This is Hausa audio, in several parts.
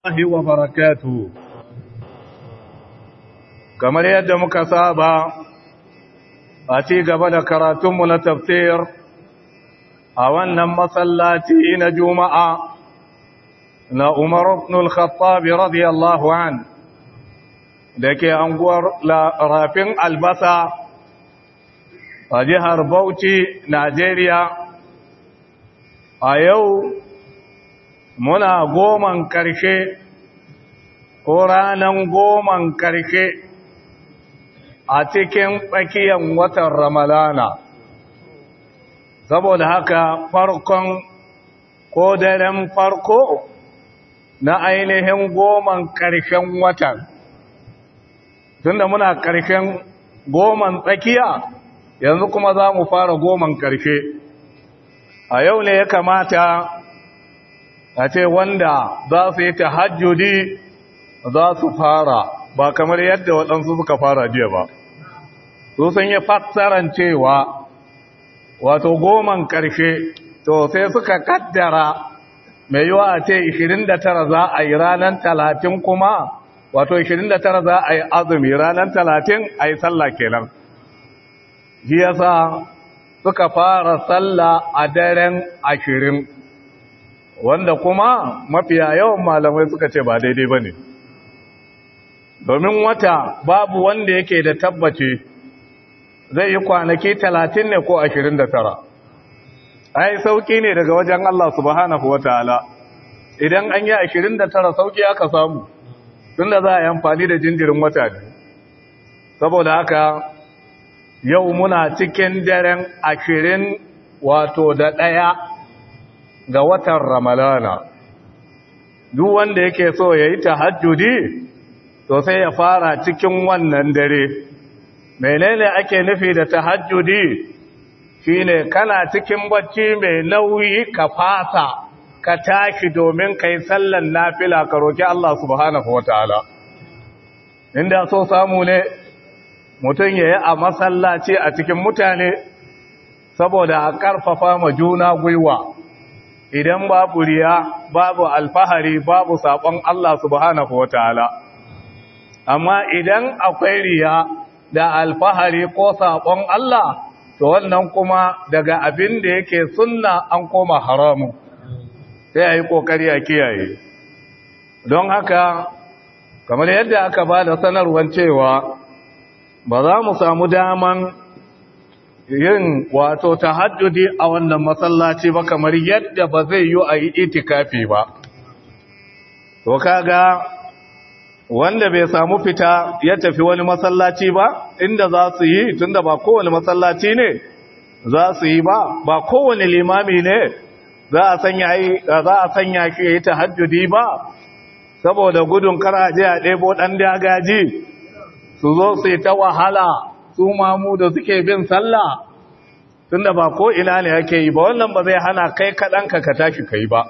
الله وبركاته kamar yadda muka saba a ci gaba da karatunmu na tafsir a wannan masallaci na juma'a na umar ibn al an da ke anguwar rafin albasa a jihar bauchi najeriya a yau muna goman ƙarshe ko ranan goman ƙarshe a cikin tsakiyan watan ramalana saboda haka farkon ko daren farko na ainihin goman ƙarshen watan tunda muna ƙarshen goman tsakiya yanzu kuma za mu fara goman ƙarshe a yau ne ya kamata a ce wanda za su yi tahajjudi za su fara ba kamar yadda waɗansu suka fara jiya ba su sun yi fassaran cewa wato goman ƙarshe to sai suka kaddara mai yiwa a ce 29 za a yi ranar talatin kuma wato 29 za a yi azumi ranar talatin a yi sallah kenan Jiya sa suka fara sallah a daren ashirin wanda kuma mafiya yawan malamai suka ce ba daidai ba ne domin wata babu wanda yake da tabbaci zai yi kwanaki talatin ne ko ashirin da tara ai sauki ne daga wajen Allah subhanahu wa ta'ala idan an yi ashirin da tara sauki aka samu tunda za a yi amfani da jinjirin wata ne saboda haka yau muna cikin daren ashirin wato da ɗaya ga watan ramalana duk wanda yake so ya yi tahajjudi to sai ya fara cikin wannan dare menene ake nufi da tahajjudi shine kana cikin bacci mai nauyi ka fasa ka tashi domin kai sallan nafila ka roki Allah subhanahu wataala inda so samu ne mutum ya yi a masallaci a cikin mutane saboda a ƙarfafa ma juna gwiwa idan babu riya babu alfahari babu sakon Allah subhanahu wataala amma idan akwai riya da alfahari ko sakon Allah to wannan kuma daga abin da yake sunna an koma haramu sai ayi kokari a kiyaye don haka kamar yadda aka ba da sanarwar cewa ba za mu samu daman yin wato tahajjudi a wannan masallaci ba kamar yadda ba zai yi a yi itikafi ba to kaga wanda bai samu fita ya tafi wani masallaci ba inda za su yi tunda ba kowane masallaci ne za su yi ba ba kowane limami ne za a sanya yi za a sanya ki yi tahajjudi ba saboda gudun karaje a ɗebo ɗan dagaji su zo su yi ta wahala su mamu da suke bin sallah tunda ba ko ina ne yake yi ba wannan ba zai hana kai kaɗanka ka tashi kai ba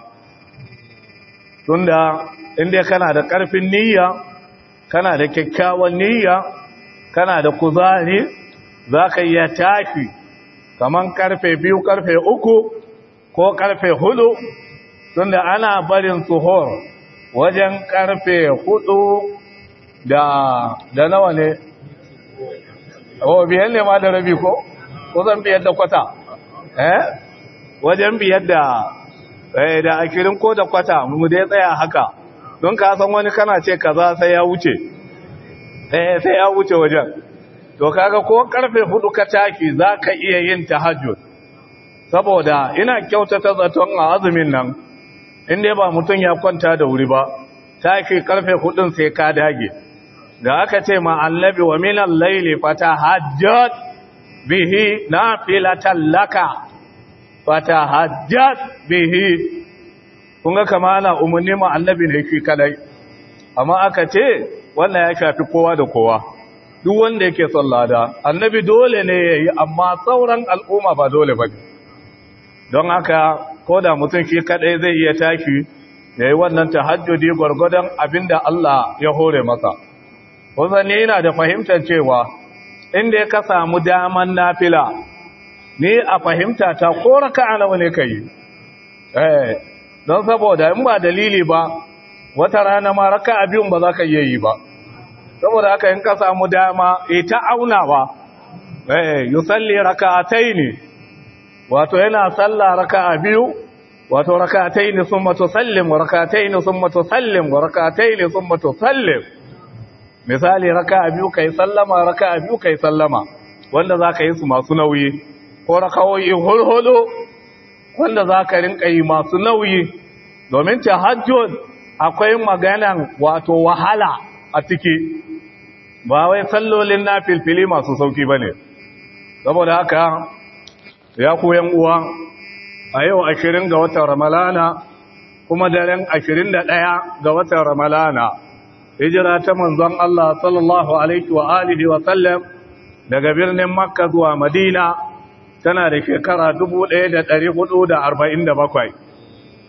tunda inda kana da ƙarfin niyya kana da kyakkyawan niyya kana da kuzari za ka iya tashi kaman karfe biyu karfe uku ko karfe hudu tunda ana barin suhor wajen ƙarfe hudu da, da nawa ne Oh biyar ne ma da rabi ko Ko zan biyar da kwata eh wajen biyar da eh da akirin ko da kwata mu dai tsaya haka don ka san wani kana ce kaza sai ya wuce eh sai ya wuce wajen to kaga ko karfe hudu ka taki zaka iya yin tahajjud saboda ina kyautata zaton a azumin nan in dai ba mutum ya kwanta da wuri ba taki karfe hudun sai ka dage da aka ce ma annabi wa min al fata fatahajjat bihi nafilatan laka fatahajjat bihi kun ga kamala umarni ma annabi ne shi kadai amma aka ce wannan ya shafi kowa da kowa duk wanda yake son lada annabi dole ne yayi amma sauran al'umma ba dole ba don haka ko da mutum shi kadai zai iya tashi yayi wannan tahajjudi gurgurdan abinda Allah ya hore masa kusan yana da fahimtar cewa inda ya ka samu daman nafila ni a fahimta ta ko raka'a nawa ne ka yi. Eh, don saboda in ba dalili ba wata rana ma raka'a biyun ba za ka iya yi ba saboda haka in ka samu dama ita aunawa eh yusalli ne. wato yana salla raka'a biyu wato rakatai thumma tusallim wa raka'ataini thumma tusallim wa raka'ataini thumma misali raka'a biyu kai sallama raka'a biyu kai sallama wanda za ka yi su masu nauyi ko wa'i hulhulu wanda za ka rinka yi masu nauyi domin ta tahajjud akwai maganan wato wahala a ciki ba wai sallolin na filfili masu sauki ne saboda haka ya koyan uwa a yau 20 ga watan ramalana kuma daren 21 ga watan ramalana hijira ta manzon Allah sallallahu alaihi wa alihi wa sallam daga birnin Makka zuwa Madina tana da shekara 1447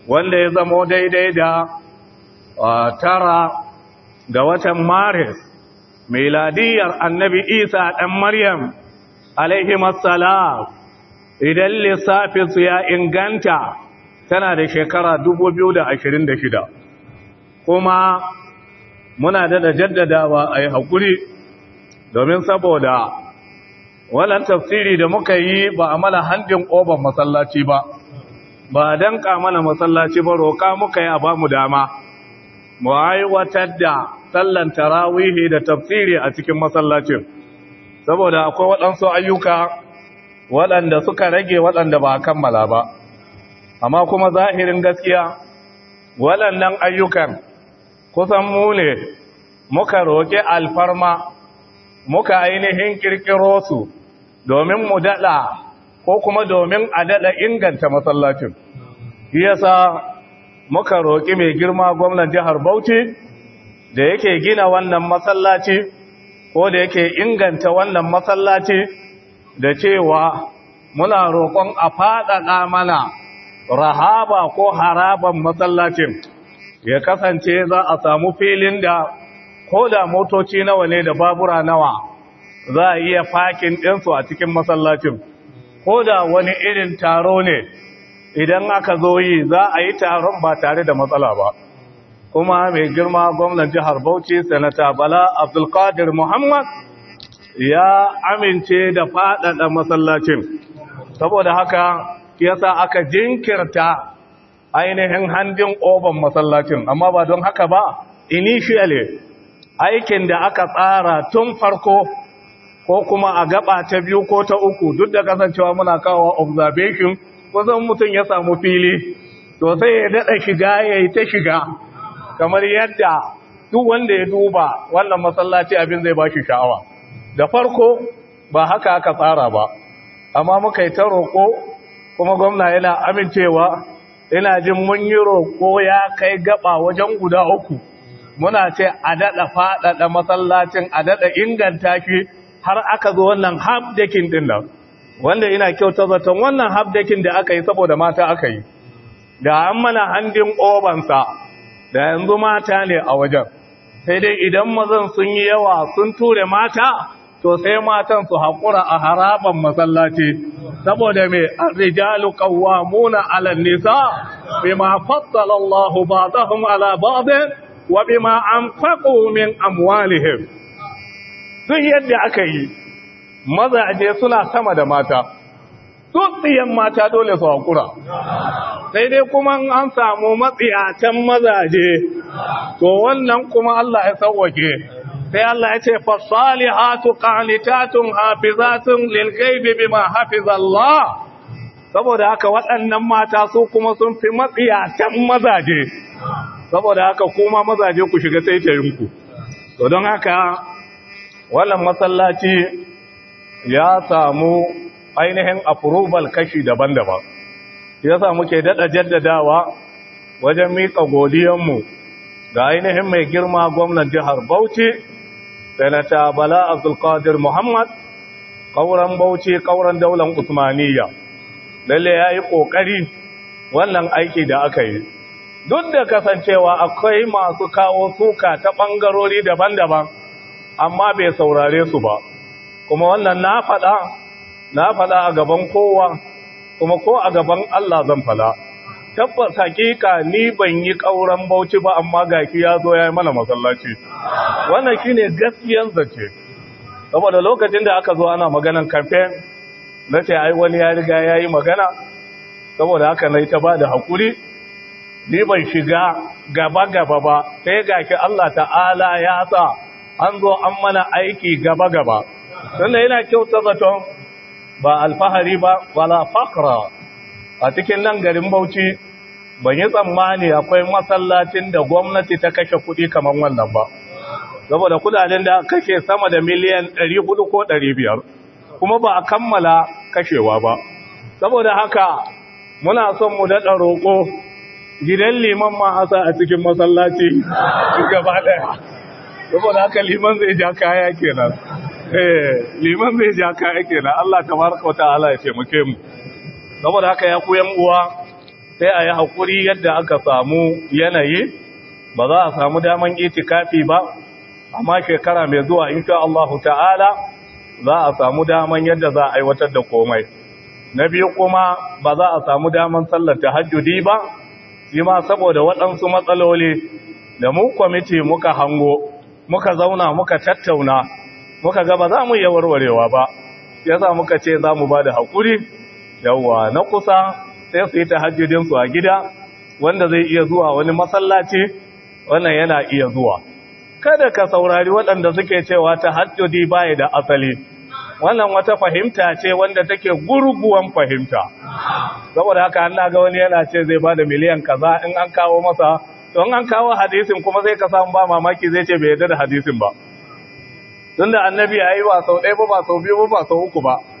wanda ya zama daidai da tara ga watan Maris miladiyar Annabi Isa dan Maryam alaihi assalam idan lissafin su ya inganta tana da shekara 2026 kuma muna da jaddadawa a yi haƙuri domin saboda wannan tafsiri da muka yi ba a mana handin ƙoban masallaci ba ba a danƙa mana masallaci ba roƙa muka yi a ba mu dama mu aiwatar da sallan tarawihi da tafsiri a cikin masallacin saboda akwai waɗansu ayyuka waɗanda suka rage waɗanda ba a kammala ba amma kuma zahirin gaskiya waɗannan ayyukan kusan mu ne muka roƙi alfarma muka ainihin ƙirƙirosu, su domin mu daɗa ko kuma domin a daɗa inganta masallacin yasa muka roƙi mai girma gwamnan jihar bauchi da yake gina wannan masallaci ko da yake inganta wannan masallaci da cewa muna roƙon a faɗaɗa mana rahaba ko haraban masallacin ya kasance za a samu filin da ko da motoci nawa ne da babura nawa za a iya fakin ɗinsu a cikin masallacin ko da wani irin taro ne idan aka zo yi za a yi taron ba tare da matsala ba kuma mai girma gwamnan jihar bauchi sanata bala abdulkadir muhammad ya amince da faɗaɗa masallacin saboda haka yasa aka jinkirta ainihin handin oban masallacin amma ba don haka ba initially aikin da aka tsara tun farko ko kuma a gaba ta biyu ko ta uku duk da kasancewa muna kawo observation kusan mutum ya samu fili to sai ya daɗa shiga ya yi ta shiga kamar yadda duk wanda ya duba wannan masallaci abin zai ba shi sha'awa da farko ba haka aka tsara ba amma muka yi ta roƙo kuma gwamna yana amincewa ina jin mun yi roƙo ya kai gaba wajen guda uku muna ce a daɗa faɗaɗa masallacin a daɗa inganta fi har aka zo wannan habdakin ɗin nan wanda ina kyauta zaton wannan habdakin da aka yi saboda mata aka yi da an mana handin obansa da yanzu mata ne a wajen sai dai idan mazan sun yi yawa sun ture mata to sai matan su haƙura a haraban masallaci saboda mai arrijalu qawwamuna 'ala an-nisa bima faddala Allahu ba'dahum 'ala ba'din wa bima anfaqu min amwalihim duk yadda aka yi mazaje suna sama da mata tsotsiyan mata dole su haƙura sai dai kuma an samu matsiyatan mazaje to wannan kuma Allah ya sauwake sai Allah ya ce fasalihatu qanitatun hafizatun ghaibi bima hafizallah saboda haka waɗannan mata su kuma sun fi matsiyatan mazaje saboda haka kuma mazaje ku shiga taitayinku to don haka wannan masallaci ya samu ainihin approval kashi daban-daban yasa muke dada jaddadawa wajen miƙa godiyanmu ga ainihin mai girma gwamnan jihar Bauchi sanata bala abdulkadir muhammad ƙauren bauchi ƙauren daular Usmaniyya, lalle ya yi ƙoƙari wannan aiki da aka yi duk da kasancewa akwai masu kawo suka ta ɓangarori daban-daban amma bai saurare su ba kuma wannan na faɗa na faɗa a gaban kowa kuma ko a gaban allah zan faɗa tabbas hakika ni ban yi kauran bauchi ba amma gaki ya zo ya yi mana masallaci wannan shine gaskiyan zace saboda lokacin da aka zo ana maganan campaign na ce ai wani ya riga ya yi magana saboda haka na ta ba da hakuri ni ban shiga gaba gaba ba sai gaki Allah ta'ala ya sa an zo an mana aiki gaba gaba sannan yana kyauta zaton ba alfahari ba wala fakra a cikin nan garin bauchi ban yi tsammani akwai masallacin da gwamnati ta kashe kudi kamar wannan ba saboda kudaden da kashe sama da miliyan 400 ko 500 kuma ba a kammala kashewa ba saboda haka muna son mu daɗa roƙo gidan liman ma hasa a cikin masallaci gaba ɗaya saboda haka liman zai ja kaya kenan eh, liman zai ja kaya kenan Allah tabaraka wa ta'ala ya taimake mu saboda haka ya koyan uwa sai a yi haƙuri yadda aka samu yanayi ba za a samu daman itikafi ba amma shekara mai zuwa insha Allah, ta'ala za a samu daman yadda za a aiwatar da komai na biyu kuma ba za a samu daman sallar tahajjudi ba shi ma saboda waɗansu matsaloli da mu kwamiti muka hango muka zauna muka tattauna muka ga ba za mu yi warwarewa ba yasa muka ce za mu ba da haƙuri yawwa na kusa sai su yi ta su a gida wanda zai iya zuwa wani masallaci wannan yana iya zuwa kada ka saurari waɗanda suke cewa ta tahajjudi baya da asali wannan wata fahimta ce wanda take gurguwan fahimta saboda haka na ga wani yana ce zai ba da miliyan kaza in an kawo masa to an kawo hadisin kuma zai ka samu ba mamaki zai ce bai yarda da hadisin ba tunda annabi yi ba sau ɗaya ba ba sau biyu ba sau uku ba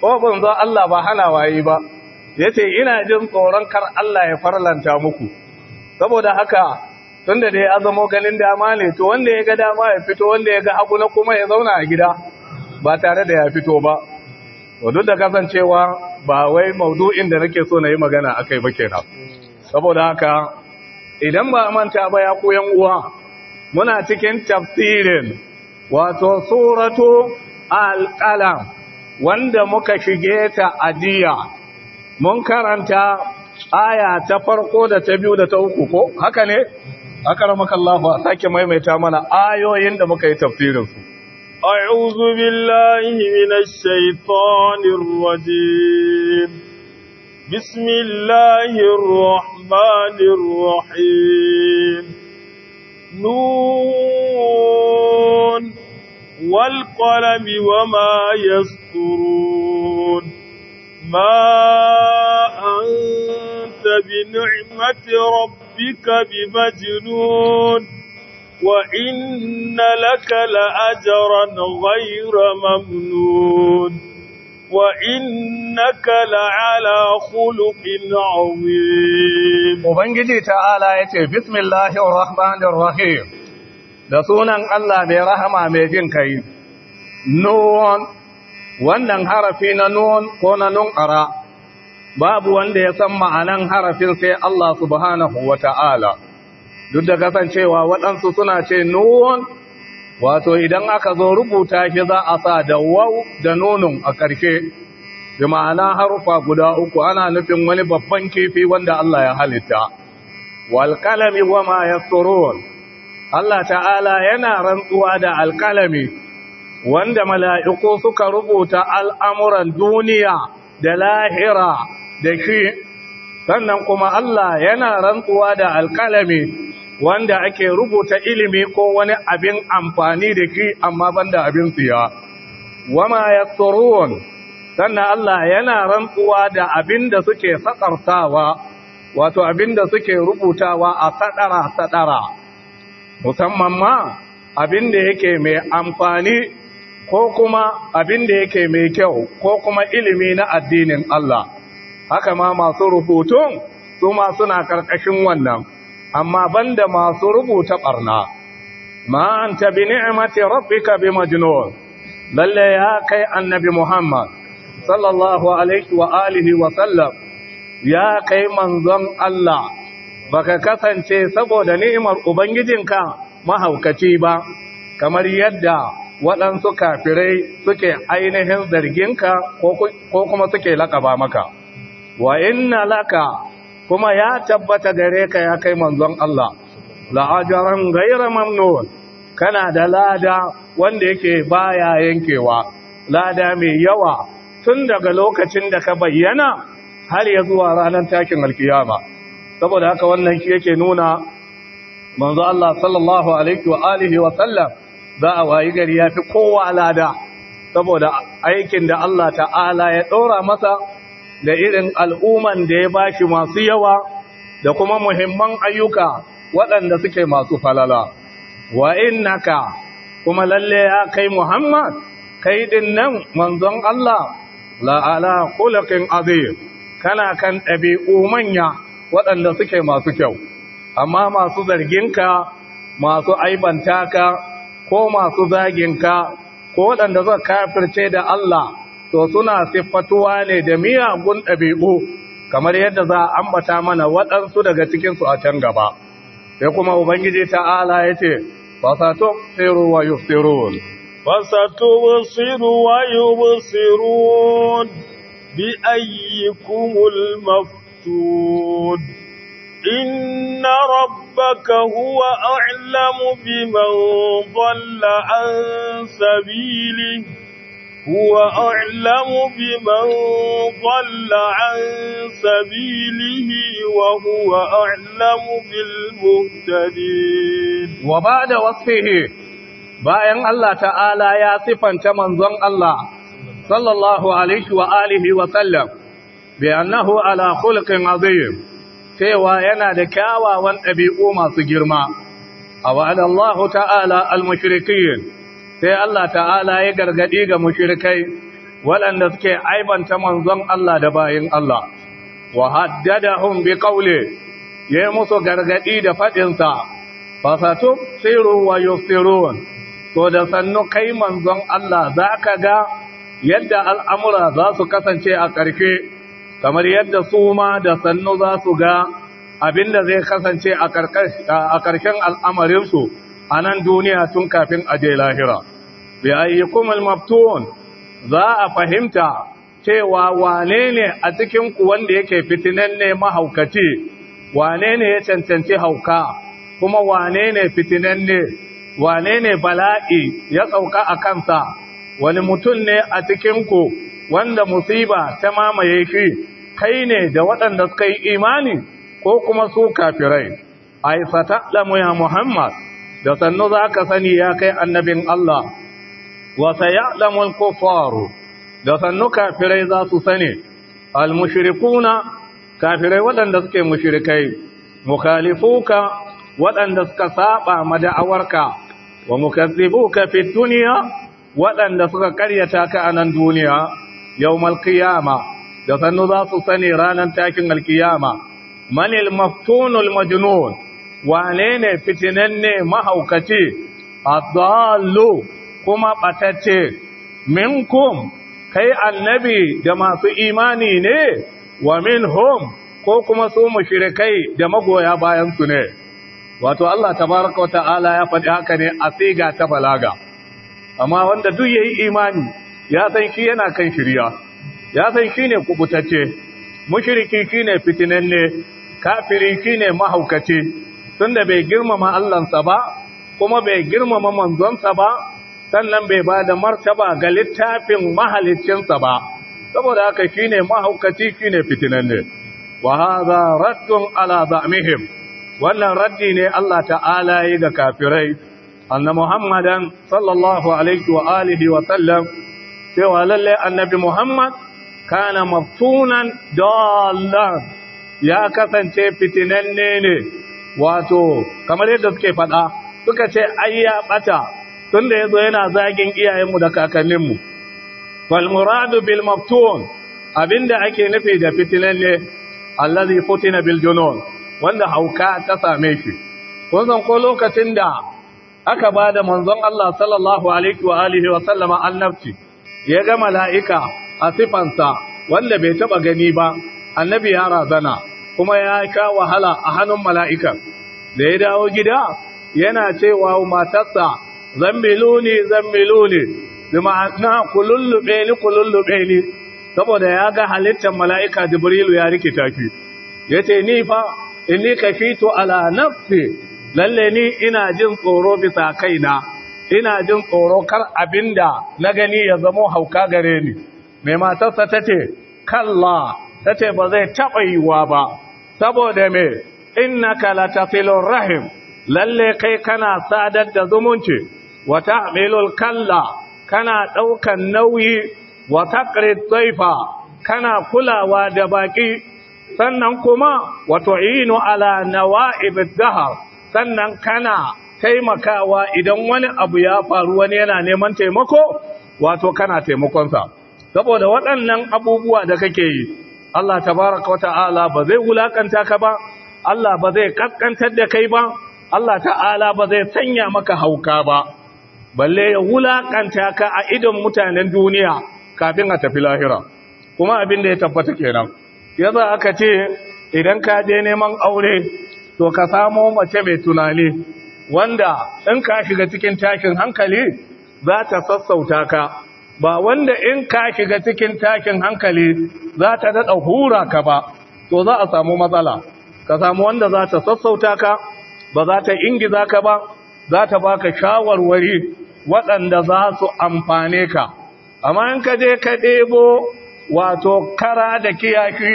ko zo Allah ba hana waye ba yace ina jin tsoron kar Allah ya farlanta muku saboda haka tunda dai azamo ganin dama ne to wanda ya ga dama ya fito wanda ya ga hagu na kuma ya zauna a gida ba tare da ya fito ba to duk da kasancewa ba wai maudu'in da nake so na yi magana akai ba kenan saboda haka idan ba manta ba ya koyan uwa muna cikin tafsirin wato suratu al-qalam wanda muka shige ta adiya mun karanta aya ta farko da ta biyu da ta uku ko haka ne akaramakallahu sake maimaita mana ayoyin da muka yi tafsirin su a'udhu billahi minash الشيطان rajim bismillahir rahmanir rahim nun والقلم وما يسطرون ما أنت بنعمة ربك بمجنون وإن لك لأجرا غير ممنون وإنك لعلى خلق عظيم وبنجي تعالى يتي بسم الله الرحمن الرحيم da sunan Allah mai rahama mai jin kai nun wannan harafi na nun ko na nun ara babu wanda ya san ma'anan harafin sai Allah subhanahu wata'ala duk da kasancewa waɗansu suna ce nun wato idan aka zo rubuta shi za a sa da waw da nunun a ƙarshe bi ma'ana harufa guda uku ana nufin wani babban kifi wanda Allah ya halitta wal wa ma yasturun Allah ta'ala yana rantsuwa da alkalami wanda mala'iku suka rubuta al'amuran duniya da lahira da shi, sannan kuma Allah yana rantsuwa da alkalami wanda ake rubuta ilimi ko wani abin amfani da shi amma banda abin siya. Wama ya sannan Allah yana rantsuwa da abin da suke sakartawa, wato abin da suke rubutawa a sadara-sadara. musamman ma abin da yake mai amfani ko kuma abin da yake mai kyau ko kuma ilimi na addinin Allah haka ma masu rubutun su ma suna karkashin wannan amma banda masu rubuta barna ma anta bi ni'mati rabbika bi majnun lalle ya kai annabi Muhammad sallallahu alaihi wa alihi wa sallam ya kai manzon Allah baka kasance saboda ni'imar ubangijinka mahaukaci ba kamar yadda waɗansu kafirai suke ainihin zarginka ko kuma suke laƙaba maka wa inna laka kuma ya tabbata gare ka ya kai manzon Allah la'ajaran ghayra mamnun kana da lada wanda yake baya yankewa lada mai yawa tun daga lokacin da ka bayyana har ya zuwa ranar takin alkiyama saboda haka wannan shi yake nuna manzo Allah sallallahu alaihi wa alihi wa sallam za a wayi gari ya fi kowa lada saboda aikin da Allah ta'ala ya ɗora masa da irin al'umman da ya bashi masu yawa da kuma muhimman ayyuka waɗanda suke masu falala wa innaka kuma lalle ya kai Muhammad kai ɗin nan manzon Allah la'ala khulqin azim kana kan ɗabi'u manya waɗanda suke masu kyau amma masu zarginka masu aibanta ka ko masu zaginka ko waɗanda suka kafirce da Allah to suna siffatuwa ne da miyagun ɗabi'u kamar yadda za a ambata mana waɗansu daga cikinsu a can gaba sai kuma ubangiji ta'ala ya ce fasato siru wa siru wa bi يؤتون إن ربك هو أعلم بمن ضل عن سبيله هو أعلم بمن ضل عن سبيله وهو أعلم بالمهتدين وبعد وصفه bayan Allah ta'ala ya sifanta manzon Allah sallallahu alaihi wa alihi wa sallam bi annahu ala khulqin azim cewa yana da kyawawan ɗabi'u masu girma a wa'ada ta'ala al-mushrikin sai Allah ta'ala ya gargaɗi ga mushrikai waɗanda suke aibanta manzon Allah da bayan Allah wa haddadahum bi ƙaule ya yi musu gargadi da fadin sa fasatu siru wa yusirun to da sannu kai manzon Allah zaka ga yadda al'amura za su kasance a ƙarshe kamar yadda su ma da sannu za su ga abin da zai kasance a ƙarshen al'amarinsu a nan duniya tun kafin a je lahira bi kuma al-maftun za a fahimta cewa wane ne a cikin wanda yake fitinanne mahaukaci wane ne ya cancanci hauka kuma wane ne fitinanne wane ne bala'i ya sauka a kansa wani mutum ne a cikinku? wanda musiba ta mamaye shi kai ne da waɗanda suka yi imani ko kuma su kafirai ai fata'lamu ya muhammad da sannu za ka sani ya kai annabin allah wa sayalamu al-kuffaru da sannu kafirai za su sani al-mushrikuna kafirai waɗanda suke mushrikai mukhalifuka waɗanda suka saba mada'awarka wa mukazzibuka fi dunya waɗanda suka karyata ka a nan duniya Yau qiyama da sannu za su sani ranar takin alkiyama Mani maftunul majnun wane ne fitinanne mahaukaci adallu kuma batacce minkum kai annabi da masu imani ne wa min hom ko kuma su mu shirya kai da magoya bayan su ne wato Allah tabaraka wa ta'ala ya faɗi haka ne a siga ta balaga amma wanda duk yayi imani ya san shi yana kan shirya ya san shi ne kubutacce mushiriki shi ne fitinanne kafiri shi ne mahaukaci tunda bai girmama Allahnsa ba kuma bai girmama manzonsa ba sannan bai ba da martaba ga littafin mahaliccinsa ba saboda haka shi ne mahaukaci shi ne fitinanne wa hadha raddun ala wannan raddi ne Allah ta'ala yi ga kafirai annabi muhammadan sallallahu alaihi wa alihi wa sallam cewa lalle annabi Muhammad kana maftunan dallan ya kasance fitinanne ne wato kamar yadda suke faɗa suka ce ayya ɓata, bata tunda yazo yana zagin iyayenmu da kakanninmu fal muradu bil maftun abinda ake nufi da fitinanne allazi futina bil junun wanda hauka ta same shi Ko zan ko lokacin da aka bada manzon Allah sallallahu alaihi wa alihi wa sallama annabci ya ga mala'ika a sifansa wanda bai taɓa gani ba annabi ya razana kuma ya ka wahala a hannun mala'ikan da ya dawo gida yana cewa matarsa zambilu ne zambilu ne da ma'ana kulullube ni kulullube ni saboda ya ga halittar mala'ika jibrilu ya rikita ki ya ce ni fa in ni ka fito ala nafsi lalle ni ina jin tsoro bisa kaina ina jin tsoro kar abinda na gani ya zamo hauka gare ni mai matarsa ta ce kalla ta ce ba zai taɓa yi wa ba saboda me innaka filon rahim lalle kai kana sadar da zumunci Wata milul kalla kana ɗaukan nauyi Wata taqrid kana kulawa da baƙi? sannan kuma wato inu ala nawa'ib dahar sannan kana taimakawa idan wani abu ya faru wani yana neman taimako wato kana taimakonsa saboda waɗannan abubuwa da kake yi Allah tabaraka wata'ala ba zai wulakanta ka ba Allah ba zai kaskantar da kai ba Allah ta'ala ba zai sanya maka hauka ba balle ya wulakanta ka a idon mutanen duniya kafin a tafi lahira kuma abin da ya tabbata kenan yadda aka ce idan ka je neman aure to ka samo mace mai tunani wanda in ka shiga cikin tashin hankali za ta sassauta ka ba wanda in ka shiga cikin tashin hankali za ta daɗa hura ka ba to za a samu matsala ka samu wanda za ta sassauta ka ba za ta ingiza ka ba za ta baka shawarwari waɗanda za su amfane ka amma in ka je ka ɗebo wato kara da kiyashi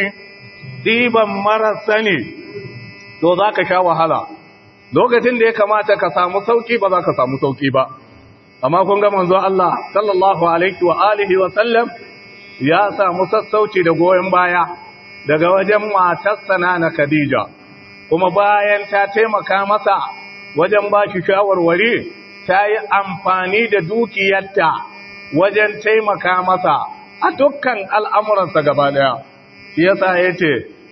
ɗiban marasa ne to za ka sha wahala lokacin da ya kamata ka samu sauki ba za ka samu sauki ba amma kun ga manzo Allah sallallahu alaihi wa alihi wa sallam ya samu sassauci da goyen baya daga wajen matarsa na Khadija kuma bayan ta taimaka masa wajen ba shi shawarwari ta yi amfani da dukiyarta wajen taimaka masa a dukkan al'amuransa gaba daya shi yasa yace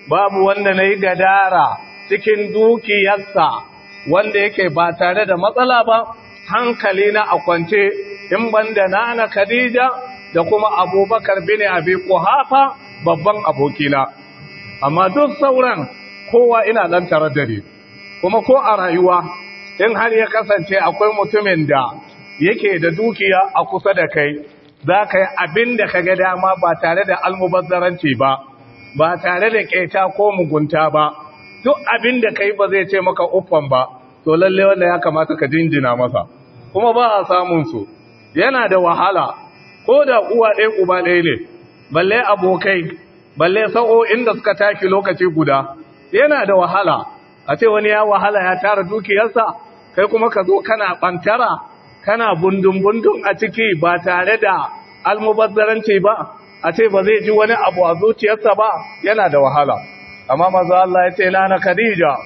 babu wanda nayi gadara cikin dukiyarsa wanda yake ba tare da matsala ba hankali na a kwance in banda nana Khadija da kuma Abubakar bin Abi Quhafa babban abokina amma duk sauran kowa ina dan taraddade kuma ko a rayuwa in har ya kasance akwai mutumin da yake da dukiya a kusa da kai za ka yi abin da ka ga dama ba tare da almubazzaranci ba ba tare da ƙeta ko mugunta ba duk abin da kai ba zai ce maka uffan ba to lalle wanda ya kamata ka jinjina masa kuma ba a samun su yana da wahala ko da uwa ɗaya uba ɗaya ne balle abokai balle sa'o'in da suka tashi lokaci guda yana da wahala a ce wani ya wahala ya tara dukiyarsa kai kuma ka zo kana ɓantara kana bundun-bundun a ciki ba tare da almubazzaranci ba a ce ba zai ji wani abu a zuciyarsa ba yana da wahala amma manzo Allah ya ce lana Khadija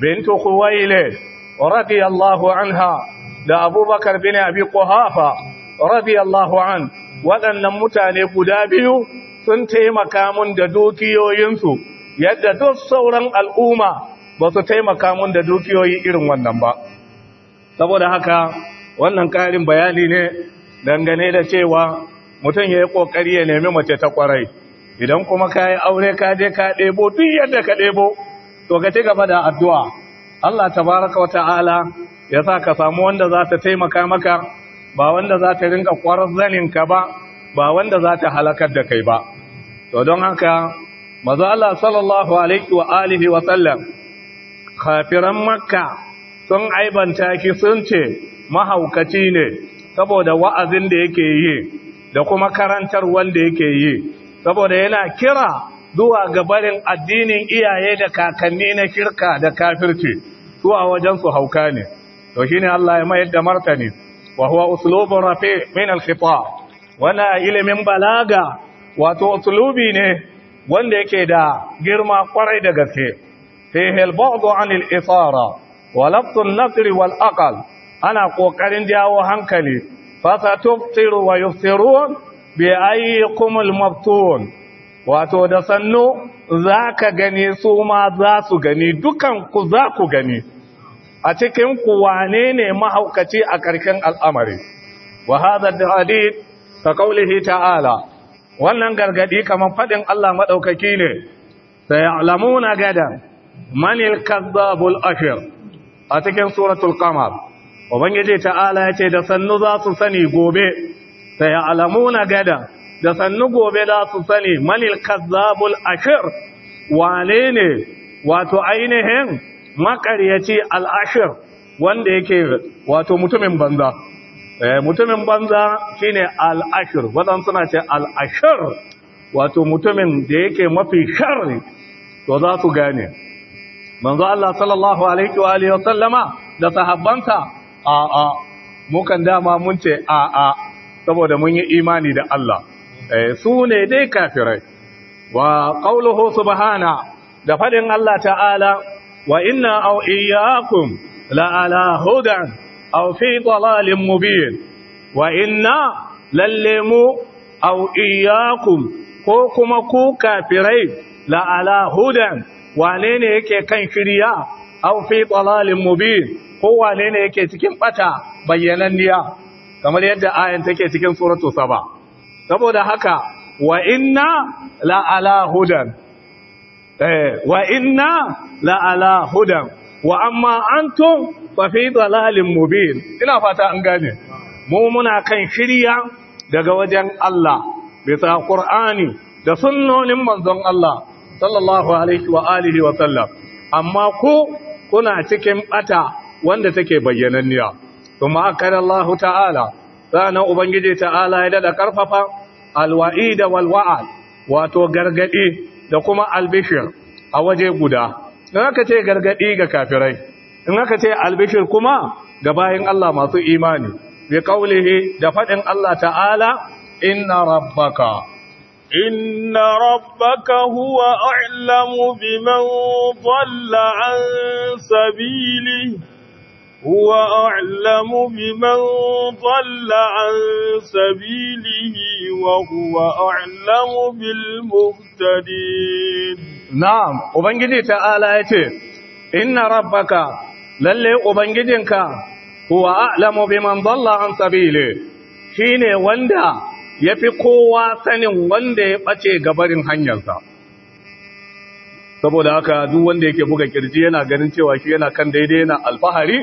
bintu Khuwailid radiyallahu anha da Abubakar bin Abi Quhafa radiyallahu an waɗannan mutane guda biyu sun taimaka mun da dukiyoyinsu yadda duk sauran al'umma ba su taimaka mun da dukiyoyi irin wannan ba saboda haka wannan ƙarin bayani ne dangane da cewa mutum ya yi ƙoƙari ya nemi mace ta kwarai idan kuma ka yi aure ka je ka ɗebo duk yadda ka ɗebo to ka ci gaba da addu'a Allah Ta baraka wa ta'ala ya sa ka samu wanda za ta taimaka maka ba wanda za ta rinka zanin ka ba ba wanda za ta halakar da kai ba to don haka maza Allah sallallahu alaihi wa alihi wa sallam kafiran makka sun aibanta ki sun ce mahaukaci ne saboda wa'azin da yake yi da kuma karantar wanda yake yi saboda yana kira zuwa ga barin addinin iyaye da kakanni na shirka da kafirci zuwa wajen su hauka ne to shine Allah ya mayar da martani wa huwa uslubun rafi min al-khitab wala ilimin balaga wato uslubi ne wanda yake da girma kwarai da gaske fihi al-ba'd an al-isara wa laft al-nasr wal aql ana kokarin jawo hankali fa satuftiru wa yufsirun bi ayyikumul mabtun wato da sannu ka gane su ma za su gani dukan ku za ku gani a cikin ku wane ne mahaukaci a ƙarshen al'amari wa hadha hadith ta qawlihi ta'ala wannan gargadi kamar fadin Allah madaukaki ne sayalamuna gada. manil kazzabul akhir a cikin suratul qamar ubangiji ta'ala yace da sannu za su sani gobe sai alamuna gada da sannu gobe za su sani manil kazzabul ashir wane ne wato ainihin makaryaci al'ashir wanda yake wato mutumin banza eh, mutumin banza shine al'ashir wadan suna ce al'ashir wato mutumin da yake mafi sharri to za su gane manzo Allah sallallahu alaihi wa alihi wasallama da sahabbansa a a mukan dama mun ce a a saboda mun yi imani da Allah eh, su ne dai kafirai wa qauluhu subhana da fadin Allah ta'ala wa inna aw iyyakum la ala hudan aw fi dalalin mubin wa inna lallemu aw iyyakum ko kuma ku kafirai la ala hudan wane ne yake kan shirya aw fi dalalin mubin ko wane ne yake cikin bata bayyananniya kamar yadda ayan take cikin suratu saba saboda haka wa inna la ala hudan eh wa inna la ala hudan wa amma antum fa fi dalalin mubin ina fata an gane mu muna kan shirya daga wajen Allah bisa qur'ani da sunnonin manzon Allah sallallahu alaihi wa alihi wa sallam amma ku kuna cikin bata wanda take bayyananniya thumma akada Allah ta'ala sana ubangiji ta'ala ya dada karfafa alwa'id wal wato gargadi da kuma albishir a waje guda in aka ce gargadi ga kafirai in aka ce albishir kuma ga bayin Allah masu imani bi qaulihi da fadin Allah ta'ala inna rabbaka إن ربك هو أعلم بمن ضل عن سبيله هو أعلم بمن ضل عن سبيله وهو أعلم بالمهتدين نعم وبنجي تعالى يتي إن ربك للي وبنجيك هو أعلم بمن ضل عن سبيله شيني وندا yafi kowa sanin wanda ya ɓace gabarin hanyarsa saboda haka duk wanda yake buga kirji yana ganin cewa shi yana kan daidai na alfahari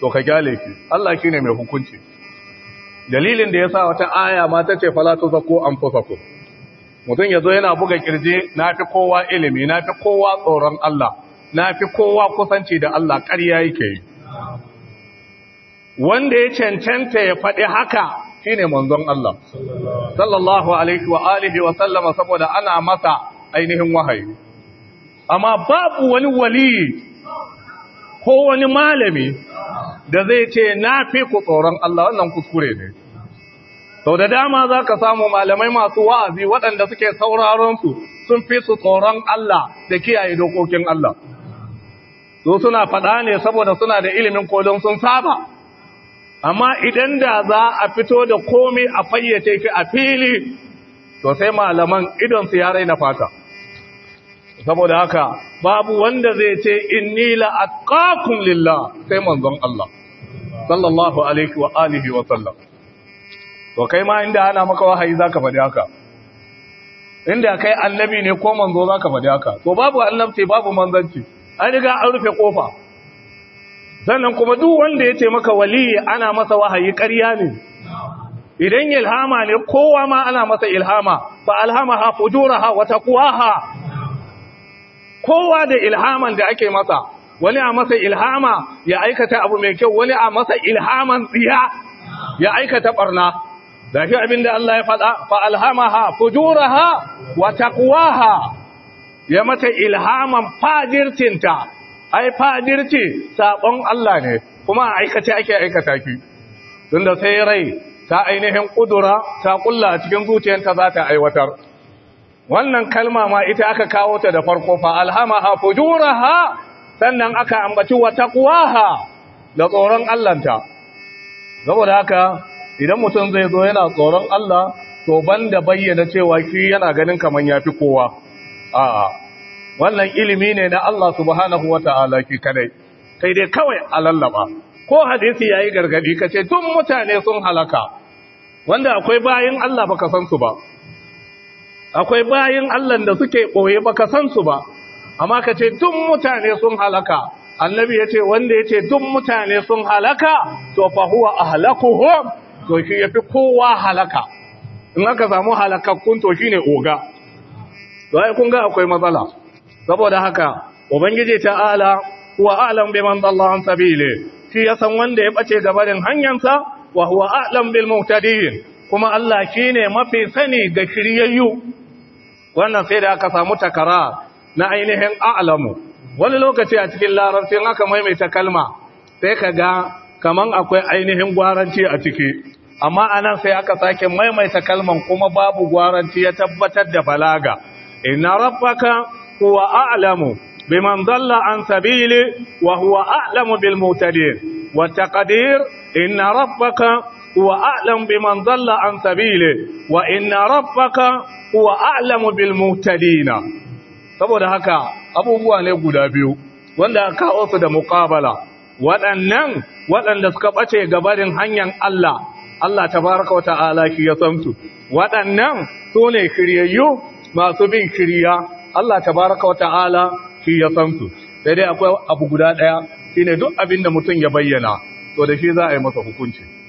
to ka gyale shi Allah shine mai hukunci dalilin da yasa wata aya ma tace fala tuzakku ko. mutum yazo yana buga kirje nafi kowa ilimi nafi kowa tsoron Allah nafi kowa kusanci da Allah ƙarya yake yi wanda ya cancanta ya faɗi haka shine manzon Allah sallallahu alaihi wa alihi wa sallama saboda ana masa ainihin wahayi amma babu wani wali ko wani malami da zai ce na fi ku tsoron Allah wannan kuskure ne sau da dama za ka samu malamai masu wa'azi waɗanda suke su sun fi su tsoron Allah da kiyaye dokokin Allah su suna faɗa ne saboda suna da ilimin kodon sun saba amma idan da za a fito da komai a fayyace shi a fili to sai malaman idonsu ya raina fata saboda haka babu wanda zai ce inni la'aqakum lillah sai manzon Allah sallallahu alaihi wa alihi wa sallam to kai ma inda ana maka wahayi zaka fadi haka inda kai annabi ne ko manzo zaka fadi haka to babu annabci babu manzanci an riga an rufe kofa sannan kuma duk wanda ya ce maka waliyi ana masa wahayi ƙarya ne idan ilhama ne kowa ma ana masa ilhama fa alhamaha fujuraha wa taqwaha kowa da ilhaman da ake masa wani a masa ilhama ya aikata abu mai kyau wani a masa ilhaman tsiya ya aikata barna da shi abin da Allah ya faɗa fa alhamaha fujuraha wa ya mata ilhaman fadirtinta ai fadirci sabon Allah ne kuma aikace ake aikata ki tunda sai rai ta ainihin kudura ta ƙulla cikin zuciyarta za ta aiwatar wannan kalma ma ita aka kawo ta da farko fa alhamaha fujuraha sannan aka ambaci wa taqwaha da tsoron ta saboda haka idan mutum zai zo yana tsoron Allah to banda bayyana cewa shi yana ganin kaman yafi kowa a'a wannan ilimi ne na Allah subhanahu wataala ki kadai Kai dai kawai alallaba ko hadisi yayi gargadi kace duk mutane sun halaka wanda akwai bayin Allah baka san su ba akwai bayin Allah da suke ɓoye baka san su ba amma ka ce duk mutane sun halaka annabi yace wanda yace duk mutane sun halaka to fa huwa ahlakuhum to shi yafi kowa halaka in aka samu halakakkun to shine oga to ai kun ga akwai matsala saboda haka ubangiji ta'ala wa a'lam biman dalla an sabili shi ya san wanda ya bace gabarin hanyansa wa huwa a'lam bil muhtadin kuma Allah shine mafi sani ga shiryayyu wannan sai da aka samu takara na ainihin a'lamu wani lokaci a cikin larabci in aka maimaita kalma sai ka ga kaman akwai ainihin gwaranci a ciki amma anan sai aka sake maimaita kalman kuma babu gwaranci ya tabbatar da balaga inna rabbaka huwa a'lamu biman dalla an sabili wa huwa a'lamu bil mutadin wa taqdir inna rabbaka dhalla an ضل wa inna rabbaka huwa a'lamu bil بالمهتدين saboda haka abubuwa ne guda biyu wanda aka kawo su da muqabala waɗannan waɗanda suka ɓace gabarin hanyar Allah Allah tabaaraka wa ta'ala shi ya samtu waɗannan sune ne masu bin kiriya Allah tabaaraka wa ta'ala shi ya samtu sai dai akwai abu guda ɗaya shine duk abinda da mutum ya bayyana to da shi za a yi masa hukunci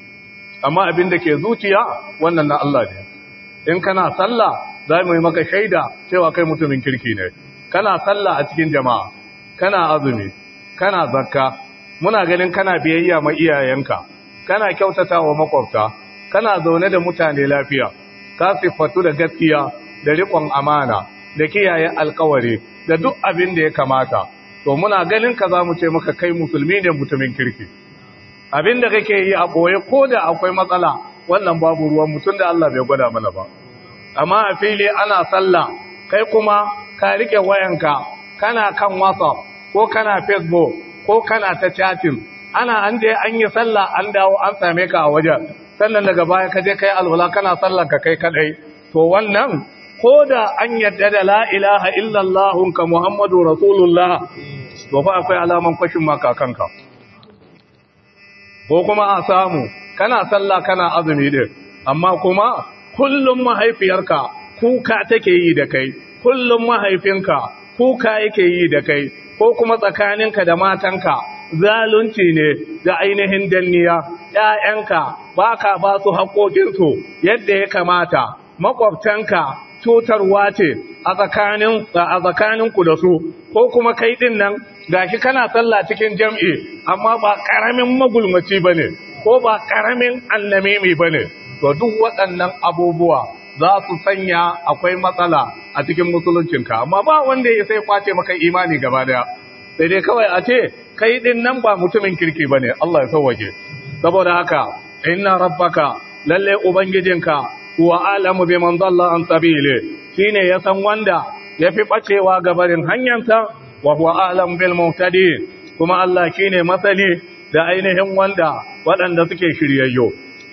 amma abin da ke zuciya wannan na Allah ne in kana sallah za mu yi maka shaida cewa kai mutumin kirki ne kana sallah a cikin jama'a kana azumi kana zakka muna ganin kana biyayya ma iyayenka kana kyautata wa makwabta kana zaune da mutane lafiya ka siffatu da gaskiya da riƙon amana da kiyaye alƙawari, da duk abin da ya kamata to muna ganin ka za mu ce maka kai musulmi ne mutumin kirki Abin da kake yi a boye ko da akwai matsala wannan babu ruwan mutum da Allah bai gwada mana ba amma a fili ana sallah kai kuma ka rike wayanka kana kan whatsapp ko kana facebook ko kana ta chatting ana an je an yi sallah an dawo an same ka a wajen sannan daga baya ka je kai alwala kana sallar ka kai kadai to wannan ko da an yadda da la ilaha illallah ka muhammadu rasulullah to fa akwai alaman kwashin maka kanka ko kuma a samu kana sallah kana azumi din amma kuma kullum mahaifiyarka kuka take yi da kai kullum mahaifinka kuka yake yi da kai ko kuma tsakaninka da matanka zalunci ne da ainihin danniya ƴaƴanka baka ba su haƙoƙinsu yadda ya kamata maƙwabtanka cutarwa ce a tsakanin a tsakaninku da su ko kuma kai din nan gashi kana sallah cikin jam'i amma ba karamin magulmaci bane ko ba karamin annamimi bane to duk waɗannan abubuwa za su sanya akwai matsala a cikin musuluncinka amma ba wanda ya sai kwace maka imani gaba daya sai dai kawai a ce kai din nan ba mutumin kirki bane Allah ya sauwake saboda haka inna rabbaka lalle ubangijinka wa alamu biman dalla an sabili shine ya san wanda ya fi ɓacewa gabarin hanyarsa wa huwa alam bil kuma Allah shine masani da ainihin wanda waɗanda suke shiryayyo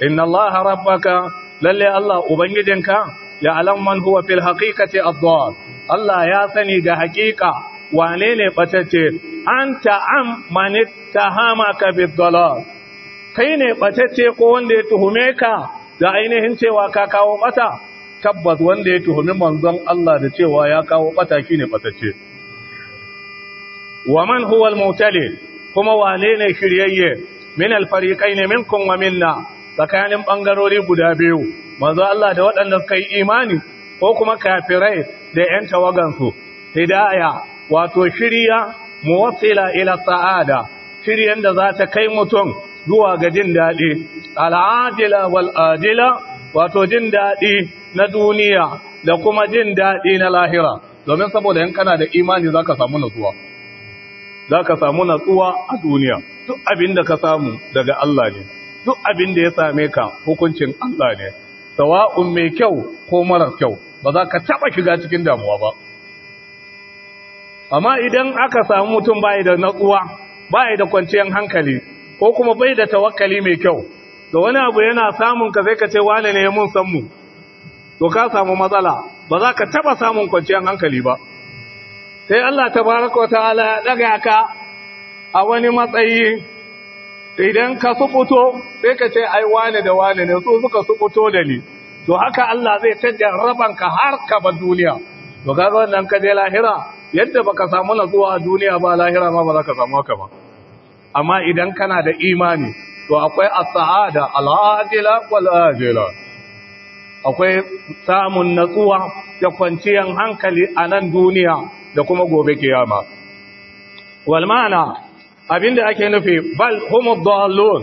inna Allah rabbaka lalle Allah ubangijinka ya alam man huwa fil haqiqati ad Allah ya sani ga haƙiƙa wane ne batacce anta am man tahamaka bid dalal kai ne batacce ko wanda ya tuhume ka da ainihin cewa ka kawo ɓata? tabbas wanda ya tuhumi manzon Allah da cewa ya kawo bataki ne batacce wa man huwa al-mutali kuma wane ne shiryayye min al-fariqaini minkum wa minna tsakanin bangarori guda biyu manzo Allah da waɗanda suka yi imani ko kuma kafirai da ƴan tawagansu hidaya wato shirya muwassila ila sa'ada shiryan da za ta kai mutum zuwa ga jin daɗi al-adila wal adila wato jin daɗi na duniya da kuma jin daɗi na lahira domin saboda yan kana da imani zaka samu natsuwa zaka samu natsuwa a duniya duk abin da ka samu daga Allah ne duk abin da ya same ka hukuncin Allah ne sawa'un mai kyau ko marar kyau ba za ka taɓa shiga cikin damuwa ba amma idan aka samu mutum bai da natsuwa bai da kwanciyar hankali ko kuma bai da tawakkali mai kyau to wani abu yana samun ka sai ka ce wane ne mun san mu to ka samu matsala ba za ka taba samun kwanciyar hankali ba sai Allah tabaraka wataala ya daga ka a wani matsayi idan ka sukuto sai ka ce ai wane da wane ne su suka sukuto da ni to haka Allah zai raban ka har ka ba duniya to kaga wannan ka je lahira yadda baka samu natsuwa a duniya ba lahira ma ba za ka samu haka ba amma idan kana da imani to akwai as-sa'ada al-ajila wal ajila akwai samun natsuwa da kwanciyar hankali a nan duniya da kuma gobe kiyama wal ma'ana abinda ake nufi bal humud dallun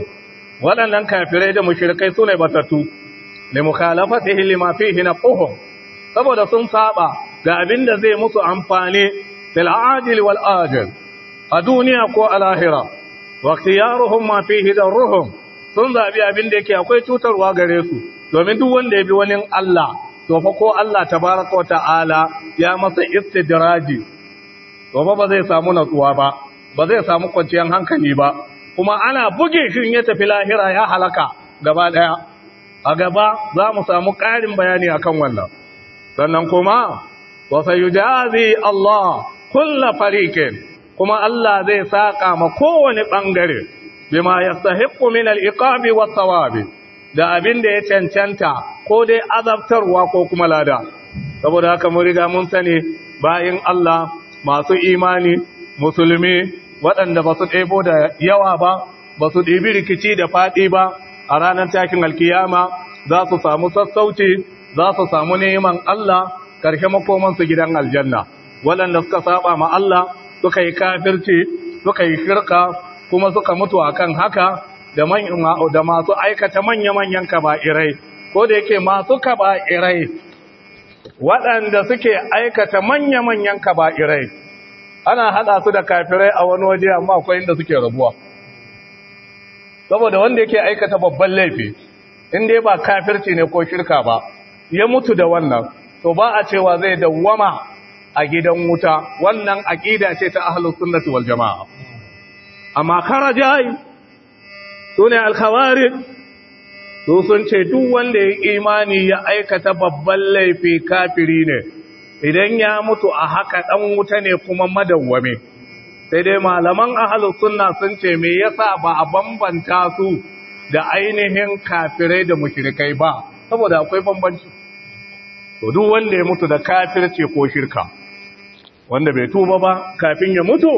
waɗannan kafirai da mushrikai sune batatu li mukhalafatihi lima fihi naquhum saboda sun saba da abinda zai musu amfani bil ajil wal ajil a duniya ko a lahira واختيارهم ma fihi ضرهم sun zabi abin da yake akwai cutarwa gare su domin duk wanda ya bi wani Allah to fa ko Allah tabaraka ta'ala ya masa istidraji to ba ba zai samu natsuwa ba ba zai samu kwanciyar hankali ba kuma ana buge shi ya tafi lahira ya halaka gaba daya a gaba za mu samu ƙarin bayani akan wannan sannan kuma wa sayujazi Allah kullu fariqin kuma Allah zai saƙa ma kowane ɓangare, bima yastahiqqu min al da abin da ya cancanta ko dai azabtarwa ko kuma lada saboda haka mu riga mun sani bayan Allah masu imani musulmi waɗanda ba su ɗebo da yawa ba ba su ɗibi rikici da faɗi ba a ranar takin alkiyama za su samu sassauci za su samu neman Allah ƙarshe makomansu gidan aljanna waɗanda suka saba ma Allah suka yi kafirci suka yi shirka kuma suka mutu a kan haka da da masu aikata manya-manyan kaba'irai ko da yake masu kaba'irai waɗanda suke aikata manya-manyan kaba'irai ana haɗa su da kafirai a wani waje amma akwai inda suke rabuwa saboda wanda yake aikata babban laifi inda ba kafirci ne ko shirka ba ya mutu da wannan to ba a cewa zai dawwama a gidan wuta wannan aqida ce ta ahlus sunnati wal jamaa amma kharajai sune al khawarij su sun ce duk wanda ya imani ya aikata babban laifi kafiri ne idan ya mutu a haka dan wuta ne kuma madawwame sai dai malaman ahlus sunna sun ce me yasa ba a bambanta su da ainihin kafirai da mushrikai ba saboda akwai bambanci to duk wanda ya mutu da kafirci ko shirka wanda bai tuba ba kafin ya mutu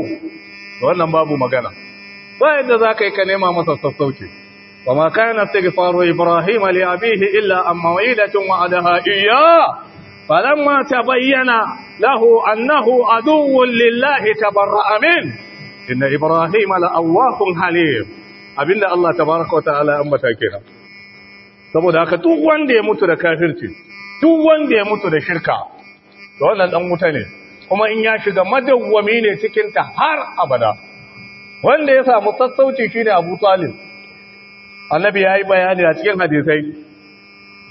wannan babu magana Bayan da za ka yi ka nema masa sassauci wa ma kana istighfaru ibrahim li abihi illa an mawilatin wa'adaha iyya ta bayyana. lahu annahu aduwwun lillahi tabarra amin. inna ibrahim la'awwahun halim abinda Allah tabaraka wa ta'ala ya ambata kenan saboda haka duk wanda ya mutu da kafirci duk wanda ya mutu da shirka to wannan dan wuta ne kuma in ya shiga madawwami ne cikinta har abada wanda ya samu sassauci shi ne abu talib annabi ya yi bayani a cikin hadisai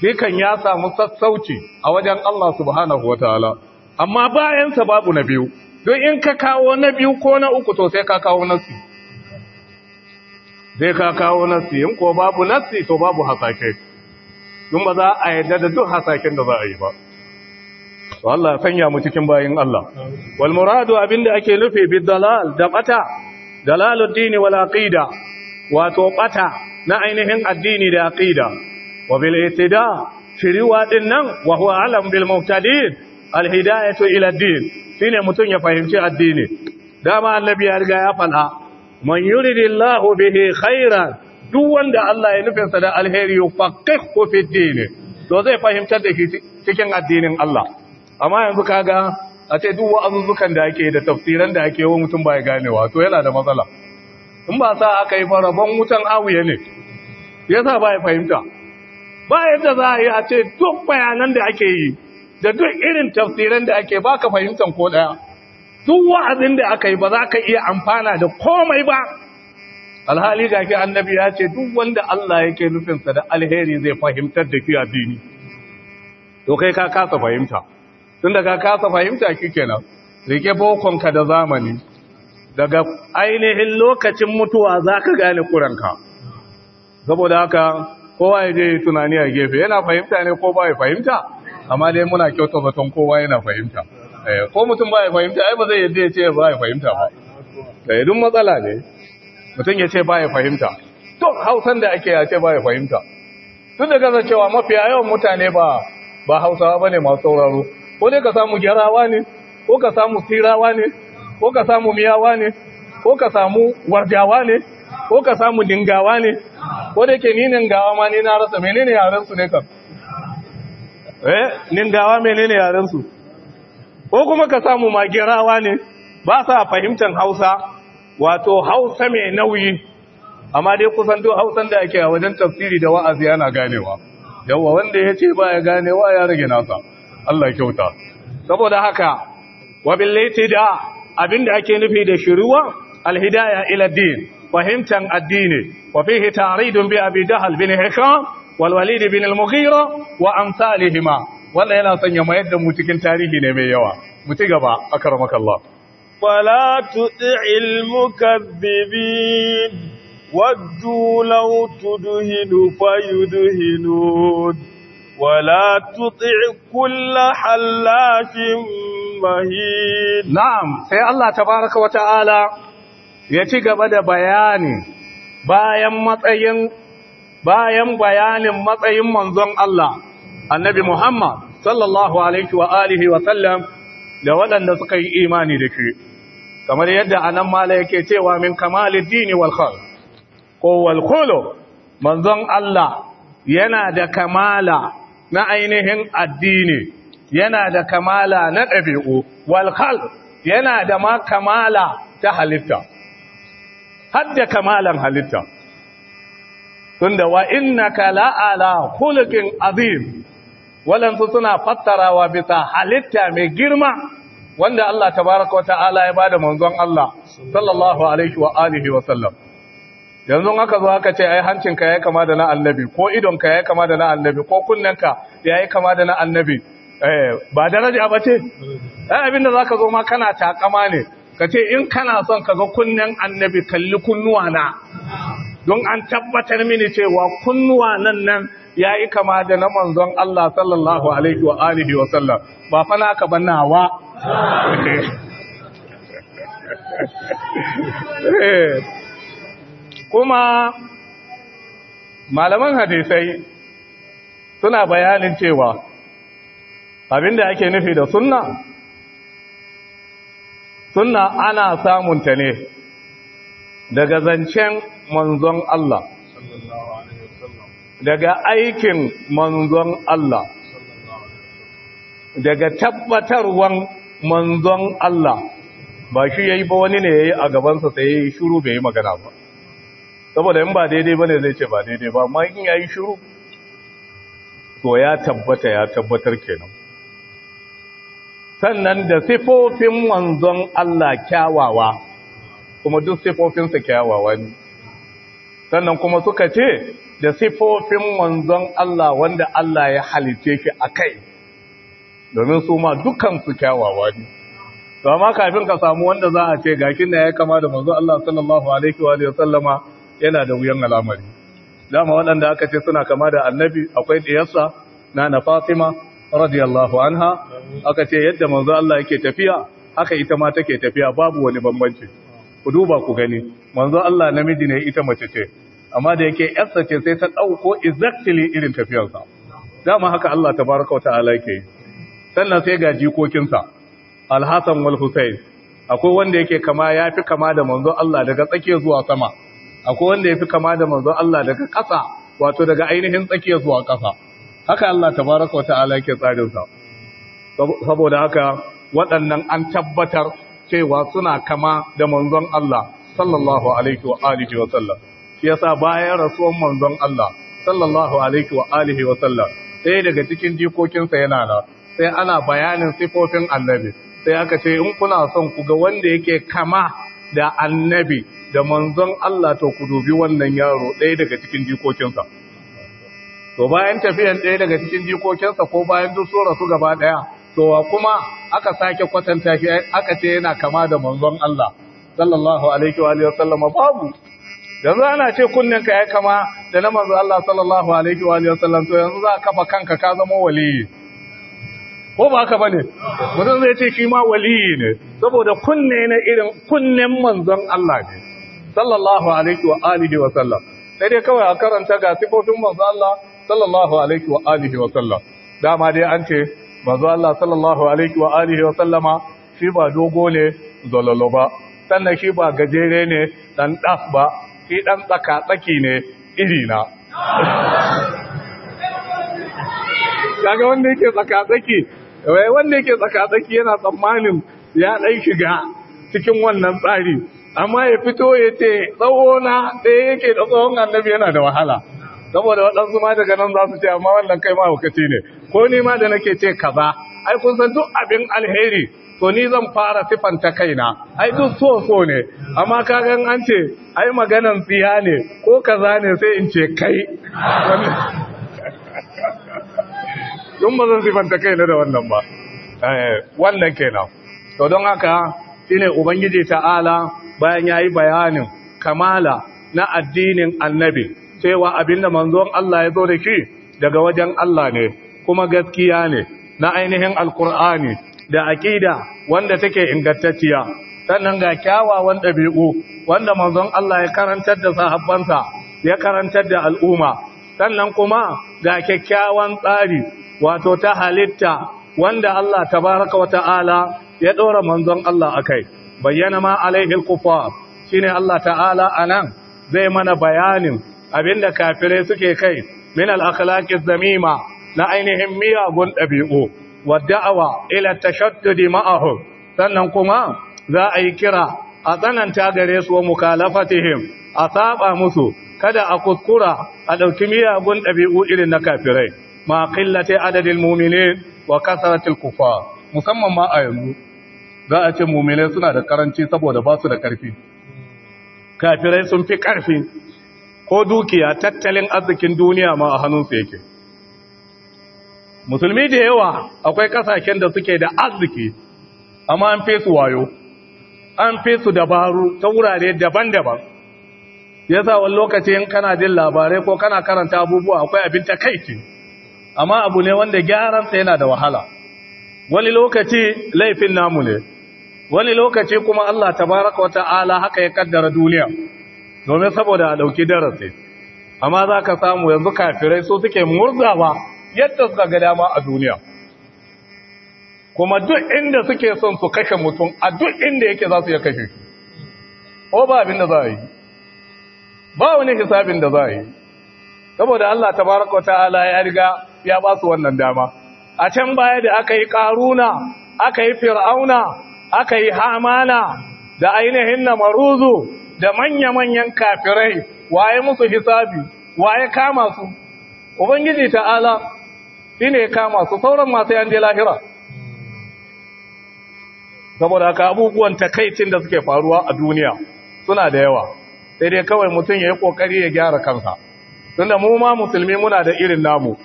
dukan ya samu sassauci a wajen Allah subhanahu Ta'ala. amma bayansa babu na biyu don in ka kawo na biyu ko na uku to sai ka kawo nasi sai ka kawo nasi in ko babu nasi to babu hasashe don ba za a yarda da duk hasaken da za a yi ba ya sanya mu cikin bayin Allah wal muradu abinda ake nufi bi dalal da bata dalalud dini wal aqida wato bata na ainihin addini da aqida wa bil ittida firiwa din nan wa huwa alam bil muhtadin al hidayatu ila din shine mutun ya fahimci addini dama annabi ya riga ya fada man yuridillahu bihi khairan duk wanda Allah ya sa da alheri yufaqihu fi din to zai fahimtar da cikin addinin Allah amma yanzu kaga a ce duk wa'azuzzukan da ake da tafsiran da ake wa mutum ba ya wa? to yana da matsala in ba sa aka yi farabon wutan awuye ne yasa ba ya fahimta ba yadda za a yi a ce duk bayanan da ake yi da duk irin tafsiran da ake ba ka fahimtan ko ɗaya duk wa'azin da aka yi ba za ka iya amfana da komai ba alhali ga annabi ya ce duk wanda Allah yake nufinsa da alheri zai fahimtar da ki dini to kai ka kasa fahimta tunda ka kasa fahimta kikenan rike bokon ka da zamani daga ainihin lokacin mutuwa zaka gane kuranka saboda haka kowa ya je tunani a gefe yana fahimta ne ko ba ya fahimta amma dai muna kyauta zaton kowa yana fahimta eh, ko mutum ba fahimta ai ba zai yadda ya ce ba fahimta ba da eh, duk matsala ne mutum ya ce ba fahimta to hausan da ake ya ce ba fahimta tun daga cewa mafiya yawan mutane ba ba hausawa bane masu sauraro ko dai ka samu gyarawa ne ko ka samu sirawa ne ko ka samu miyawa ne ko ka samu wardawa ne ko ka samu dingawa ne ko dai ke ninin gawa ma ne na rasa menene yaren su ne kam eh ningawa menene yaren su ko kuma ka samu magirawa ne ba sa fahimtar Hausa wato Hausa mai nauyi amma dai kusan duk Hausan da yake a wajen tafsiri da wa'azi yana ganewa yawa wanda yace ba ya ganewa ya rage nasa Allah kyauta saboda haka wa billaiti da abinda ake nufi da shiruwa alhidaya ila din fahimtan addini wa fihi ta'ridun bi abi dahl bin hisham wal walid bin al mughira wa amsalihima wanda yana sanya mayar da mu cikin tarihi ne mai yawa mu gaba akramakallah wala tu'il mukaththibin waddu law tudhinu fayudhinun ولا تطع كل حلاف مهين نعم sai Allah tabaaraka wa ta'ala ya ci gaba da bayani bayan matsayin bayan bayanin matsayin manzon Allah annabi Muhammad sallallahu alaihi wa alihi wa sallam da waɗanda suka yi imani da shi kamar yadda anan mala yake cewa min kamalid dini wal khal ko wal khulu manzon Allah yana da kamala na ainihin addini yana da kamala na ɗabi'u walhal yana da ma kamala ta halitta hadda kamalan halitta tunda wa ka la'ala khuluqin azim walansu suna fassarawa bisa halitta mai girma wanda Allah tabaraka wa ta'ala ya bada manzon Allah sallallahu alaihi wa wa sallam yanzu aka zo aka ce ai hancinka yayi kama da na annabi ko idonka yayi kama da na annabi ko kunnenka yayi kama da na annabi eh ba daraja ba ce ai abinda zaka zo ma kana takama ne kace in kana son ka ga kunnen annabi kalli kunnuwa na don an tabbatar mini cewa kunnuwa nan nan yayi kama da na manzon Allah sallallahu alaihi wa alihi wa sallam ba fa na ba bannawa eh kuma malaman hadisai suna bayanin cewa abinda ake nufi da sunna sunna ana samun ta ne daga zancen manzon Allah daga aikin manzon Allah daga tabbatarwan manzon Allah ba shi yayi ba wani ne yayi a gabansa sai shiru bai yi magana ba saboda in ba daidai ba ne zai ce ba daidai ba ma in ya yi shiru to ya tabbata ya tabbatar kenan sannan da sifofin wanzon Allah kyawawa kuma duk sifofinsa kyawawa ne sannan kuma suka ce da sifofin wanzon Allah wanda Allah ya halice shi a kai domin su ma dukansu kyawawa ne to amma kafin ka samu wanda za a ce gakin da ya kama da manzon Allah sallallahu alaihi wa sallama yana da wuyan al'amari dama waɗanda aka ce suna kama da annabi akwai ɗiyarsa na na fatima radiyallahu anha aka ce yadda manzo Allah yake tafiya haka ita ma take tafiya babu wani bambanci ku duba ku gani manzo Allah namiji ne ita mace ce amma da yake yarsa ce sai ta ɗauko exactly irin tafiyarsa dama haka Allah tabaraka wa ta'ala yake sannan sai ga jikokinsa al-Hasan wal Husayn akwai wanda yake kama yafi kama da manzo Allah daga tsakiyar zuwa sama akwai wanda ya fi kama da manzon Allah daga ƙasa wato daga ainihin tsakiyar zuwa ƙasa haka Allah tabaraka wata'ala yake tsarin sa saboda haka waɗannan an tabbatar cewa suna kama da manzon Allah sallallahu alaihi wa alihi wa sallam shi yasa bayan rasuwan manzon Allah sallallahu alaihi wa alihi wa sallam sai daga cikin jikokinsa yana na sai ana bayanin sifofin annabi sai aka ce in kuna son ku ga wanda yake kama da annabi da manzon Allah ta ku dubi wannan yaro ɗaya daga cikin jikokinsa to bayan tafiyan ɗaya daga cikin jikokinsa ko bayan duk sura su gaba ɗaya to wa kuma aka sake kwatanta shi aka ce yana kama da manzon Allah sallallahu alaihi wa alihi babu yanzu ana ce kunnen ka ya kama da na manzon Allah sallallahu alaihi wa alihi wasallam to yanzu za a kafa kanka ka zama waliyi ko ba haka bane mutum zai ce shi ma waliyi ne saboda kunne na irin kunnen manzon Allah ne sallallahu alaihi wa alihi wa sallam sai dai kawai a karanta ga sifofin manzo Allah sallallahu alaihi wa alihi wa sallam dama dai an ce manzo Allah sallallahu alaihi wa alihi wa sallama shi ba dogo ne zololo ba sannan shi ba gajere ne dan daf ba shi dan tsaka tsaki ne iri na kaga wanda yake tsaka tsaki wai wanda yake tsaka tsaki yana tsammanin ya dai shiga cikin wannan tsari amma ya fito ya ce tsawona ɗaya yake da tsawon annabi yana da wahala saboda waɗansu ma daga nan za su ce amma wannan kai mahaukaci ne ko ni ma da nake ce kaza ai kun san duk abin alheri to ni zan fara sifanta kaina ai duk so so ne amma gan an ce ai maganan tsiya ne ko kaza ne sai in ce kai don ba zan sifanta kaina da wannan ba eh, wannan kenan to don haka shi ne ubangiji ta'ala bayan ya yi bayanin kamala na addinin annabi cewa abinda manzon Allah ya zo da shi daga wajen Allah ne kuma gaskiya ne na ainihin alkur'ani da aƙida wanda take ingantacciya sannan ga kyawawan ɗabi'u wanda manzon Allah ya karantar da sahabbansa ya karantar da al'umma sannan kuma ga kyakkyawan tsari wato ta halitta wanda Allah tabaraka ta'ala ya ɗora manzon Allah akai bayyana ma alaihil kufar shine Allah ta'ala anan zai mana bayanin abinda kafirai suke kai min al-akhlaqiz zamima na ainihin miyagun dabi'u wa da'awa ila tashaddud ma'ahum sannan kuma za a yi kira a tsananta gare su wa mukalafatihim a saba musu kada a kuskura a ɗauki miyagun ɗabi'u irin na kafirai ma qillati adadil mu'minin wa kasratil kufar musamman ma a yanzu za a ce mummune suna da karanci saboda ba su da karfi kafirai sun fi karfi ko dukiya tattalin arzikin duniya ma a hannunsu yake musulmi da yawa akwai kasashen da suke da arziki amma an fi su wayo an fi su dabaru ta wurare daban-daban Ya sa wani lokaci in kana jin labarai ko kana karanta abubuwa akwai abin takaici amma abu ne wanda gyaransa yana da wahala wani lokaci laifin namu ne wani lokaci kuma Allah tabaraka wa ta'ala haka ya kaddara duniya domin saboda a dauki darasi amma za ka samu yanzu kafirai su suke murzawa yadda suka ga dama a duniya kuma duk inda suke son su kashe mutum a duk inda yake za su ya kashe shi ko ba abin da za a yi ba wani hisabin da za a yi saboda Allah tabaraka ta'ala ya riga ya ba su wannan dama a can baya da aka yi karuna aka yi fir'auna aka yi hamana da ainihin na maruzu da manya-manyan kafirai waye musu hisabi waye kama su ubangiji ta'ala shi ne kama su sauran masu yanje lahira saboda haka abubuwan takaicin da suke faruwa a duniya suna da yawa sai dai kawai mutum ya yi ƙoƙari ya gyara kansa tunda mu ma musulmi muna da irin namu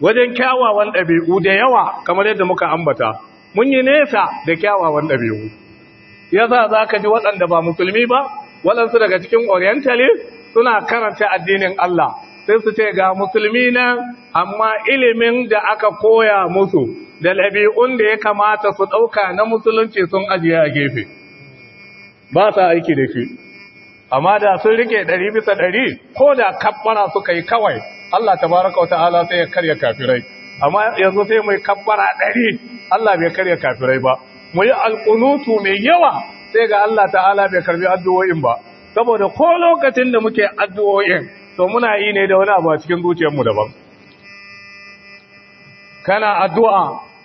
wajen kyawawan ɗabi'u da yawa kamar yadda muka ambata mun yi nesa da kyawawan ɗabi'u yasa za ka ji waɗanda ba musulmi ba waɗansu daga cikin oriyantali suna karanta addinin Allah sai su ce ga musulmi nan amma ilimin da aka koya musu da ɗabi'un da ya kamata su ɗauka na musulunci sun ajiye a gefe ba sa aiki da shi amma da sun rike ɗari bisa ɗari ko da kabbara suka yi kawai Allah tabaraka wata ala sai ya karya kafirai amma yanzu sai mai kabbara ɗari Allah bai karya kafirai ba mu yi alƙunutu mai yawa sai ga Allah ta'ala bai karbi addu'o'in ba saboda ko lokacin da muke addu'o'in to muna yi ne da wani abu a cikin zuciyarmu daban kana addu'a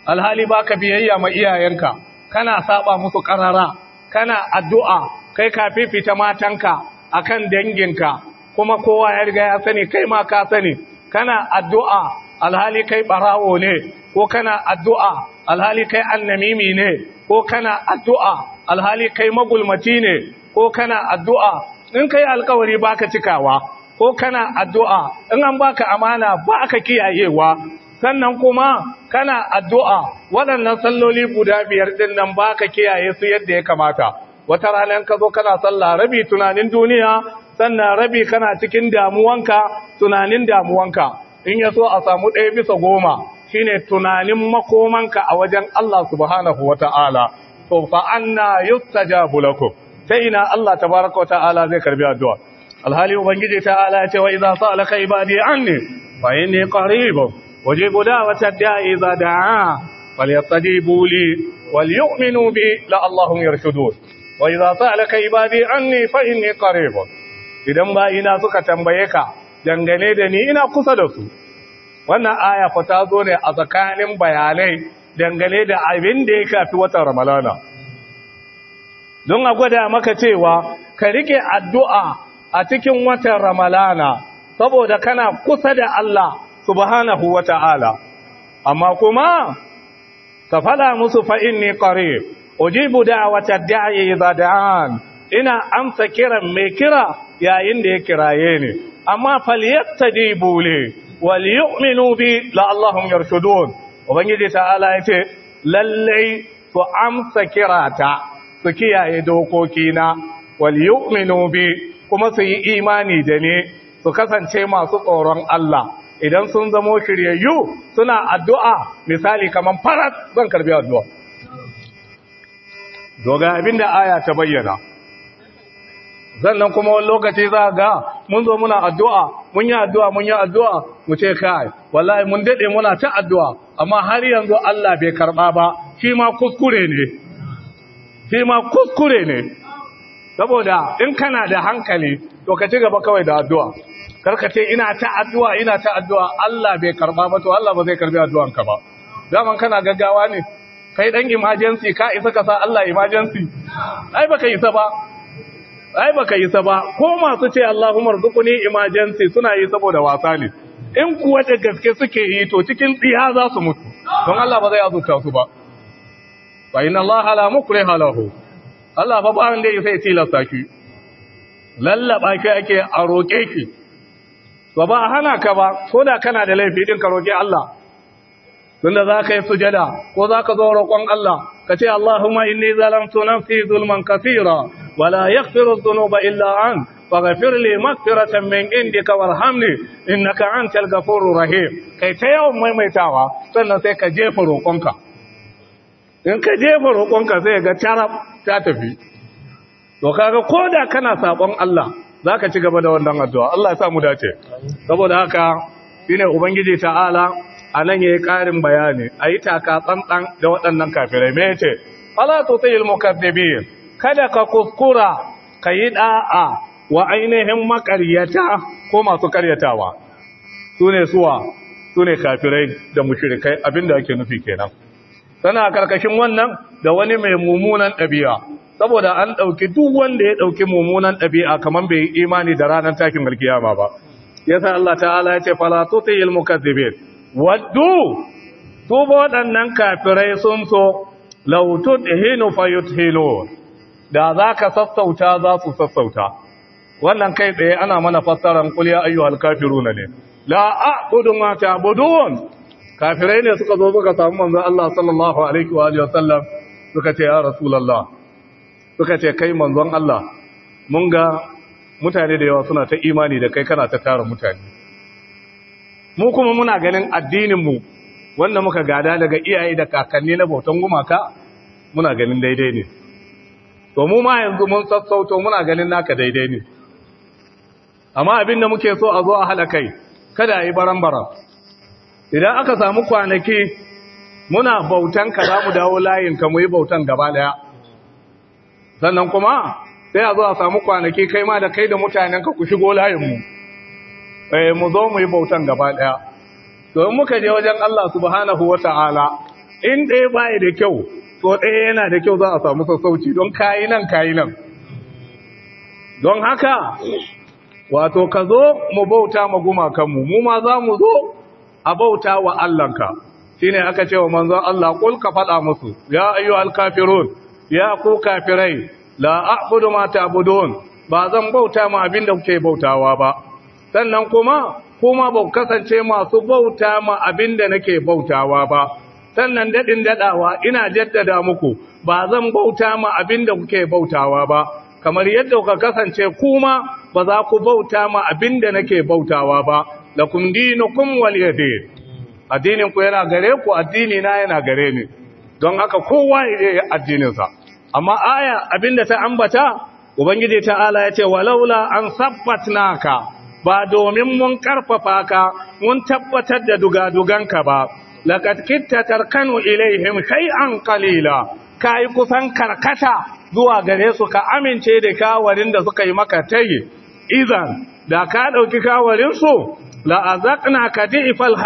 alhali ba ka biyayya ma iyayenka kana saba musu karara kana addu'a kai ka fifita matanka akan danginka kuma kowa ya riga ya sani kai ma ka sani kana addu'a alhali kai barawo ne ko kana addu'a alhali kai annamimi ne ko kana addu'a alhali kai magulmati ne ko kana addu'a in kai alkawari baka cikawa ko kana addu'a in an baka amana baka kiyayewa sannan kuma kana addu'a waɗannan salloli guda biyar ɗin nan baka kiyaye su yadda ya kamata wata ranar ka zo kana sallah rabi tunanin duniya sannan rabi kana cikin damuwanka tunanin damuwanka in ya so a samu ɗaya bisa goma shi ne tunanin makomanka a wajen Allah subhanahu wa ta'ala to na anna ja bulaku. sai ina Allah Ta baraka wa ta'ala zai karbi addu'a alhali ubangiji ta'ala ya ce wa idza sa'alaka ibadi anni fa inni qaribun ujibu da'watad da'i idza da'a فليستجيبوا لي وليؤمنوا بي لعلهم يرشدون واذا سالك عبادي عني فاني قريب idan ba ina suka tambaye ka dangane da ni ina kusa da su wannan aya fa ta zo ne a tsakanin bayanai dangane da abin da ya kafi watan ramalana don a gwada maka cewa ka rike addu'a a cikin watan ramalana saboda kana kusa da Allah subhanahu wata'ala amma kuma ka fada musu fa ne ƙare ujibu da'wata da'i idha da'an ina amsa kiran mai kira yayin da ya kiraye ni. amma falyattajibu li wal yu'minu bi la'allahum yarshudun ubangiji ta'ala yace lallai to amsa kirata su kiyaye dokokina wal yu'minu bi kuma su yi imani da ni su kasance masu tsoron Allah idan sun zamo shiryayyu suna addu'a misali kaman farat zan karbi addu'a doga abinda aya ta bayyana sannan kuma wani lokaci za ga mun zo muna addu'a mun yi addu'a mun yi addu'a mu ce kai wallahi mun daɗe muna ta addu'a amma har yanzu Allah bai karɓa ba shi ma kuskure ne shi ma kuskure ne saboda in kana da hankali to ka ci gaba kawai da addu'a karkace ce ina ta addu'a ina ta addu'a Allah bai karɓa ba to Allah ba zai karɓi addu'anka ba daman kana gaggawa ne kai dan emergency ka isa ka sa Allah emergency ai baka isa ba ai baka yi ta ba ko masu ce Allahumma rzuqni emergency suna yi saboda wasa ne in kuwa da gaske suke yi to cikin tsiya za su mutu don Allah ba zai azurta su ba fa inna Allah la mukriha lahu Allah fa ba dai sai tilasta ki lallaba ki ake a roke ki to ba hana ka ba ko da kana da laifi din ka roke Allah tunda za ka yi sujada ko za ka zo roƙon Allah ka ce Allahumma inni zalamtu nafsi zulman kathira wala yaghfiru dhunuba illa anta فاغفر لي مغفرة من عندك وارحمني إنك أنت الغفور الرحيم كي تيوم sannan sai ka jefa roƙonka. in ka jefa roƙonka sai ga carab ta tafi to kaga koda kana sabon Allah zaka ci gaba da wannan addu'a Allah ya sa mu dace saboda haka shine ubangiji ta'ala a nan ya yi ƙarin bayani a yi taka tsantsan da waɗannan kafirai me ce alatu tsayil mukaddibin kada ka kuskura ka yi ɗa'a wa ainihin makaryata ko masu karyatawa su suwa su ne kafirai da mushrikai abinda ake nufi kenan tana karkashin wannan da wani mai mummunan ɗabi'a saboda an ɗauki duk wanda ya ɗauki mummunan ɗabi'a kamar bai yi imani da ranar takin alkiyama ba yasa Allah ta'ala ya ce fala tuti'il mukazzibin waddu tuba waɗannan kafirai sun so lautun hinu fayut hilo da za ka sassauta za su sassauta wannan kai tsaye ana mana fassaran kuliya ayyuhal kafiru na ne la'a gudun ta budun kafirai ne suka zo suka samu manzo Allah sallallahu alaihi wa sallam suka ce ya rasulullah suka ce kai manzon Allah mun ga mutane da yawa suna ta imani da kai kana ta tara mutane mu kuma muna ganin addininmu wanda muka gada daga iyaye da kakanni na bautan gumaka muna ganin daidai ne to mu ma yanzu mun sassauto muna ganin naka daidai ne amma abin da muke so a zo a haɗa kai kada a yi idan aka samu kwanaki muna bautan ka za mu dawo layin ka mu yi bautan gaba ɗaya sannan kuma sai a zo a samu kwanaki kai ma da kai da mutanenka ku shigo layinmu eh mu zo mu yi bautan gaba daya to muka je wajen Allah subhanahu wataala in ɗaya bai da kyau to ɗaya yana da kyau za a samu sassauci don kayi nan kayi nan don haka wato ka zo mu bauta ma gumakanmu mu ma za mu zo a bauta wa Allahnka shine aka ce wa manzon Allah kul ka faɗa musu ya ayyuhal kafirun ya ku kafirai la a'budu ma ta'budun ba zan bauta ma abinda kuke bautawa ba sannan kuma kuma ba kasance masu bauta ma abin da nake bautawa ba sannan daɗin daɗawa ina jaddada muku ba zan bauta ma abin da kuke bautawa ba kamar yadda kuka kasance kuma ba za ku bauta ma abin da nake bautawa ba lakum dinukum waliyadin addinin ku yana gare ku addini na yana gare ni don haka kowa ya yi addininsa amma aya abinda ta ambata ubangiji ta'ala ya ce walaula an sabbatnaka ba domin mun karfafa ka mun tabbatar da dugaduganka ba laqad kitta tarkanu ilaihim shay'an qalila kai kusan karkata zuwa gare su ka amince da kawarin da suka yi maka tayi idan da ka dauki kawarin su la azaqna ka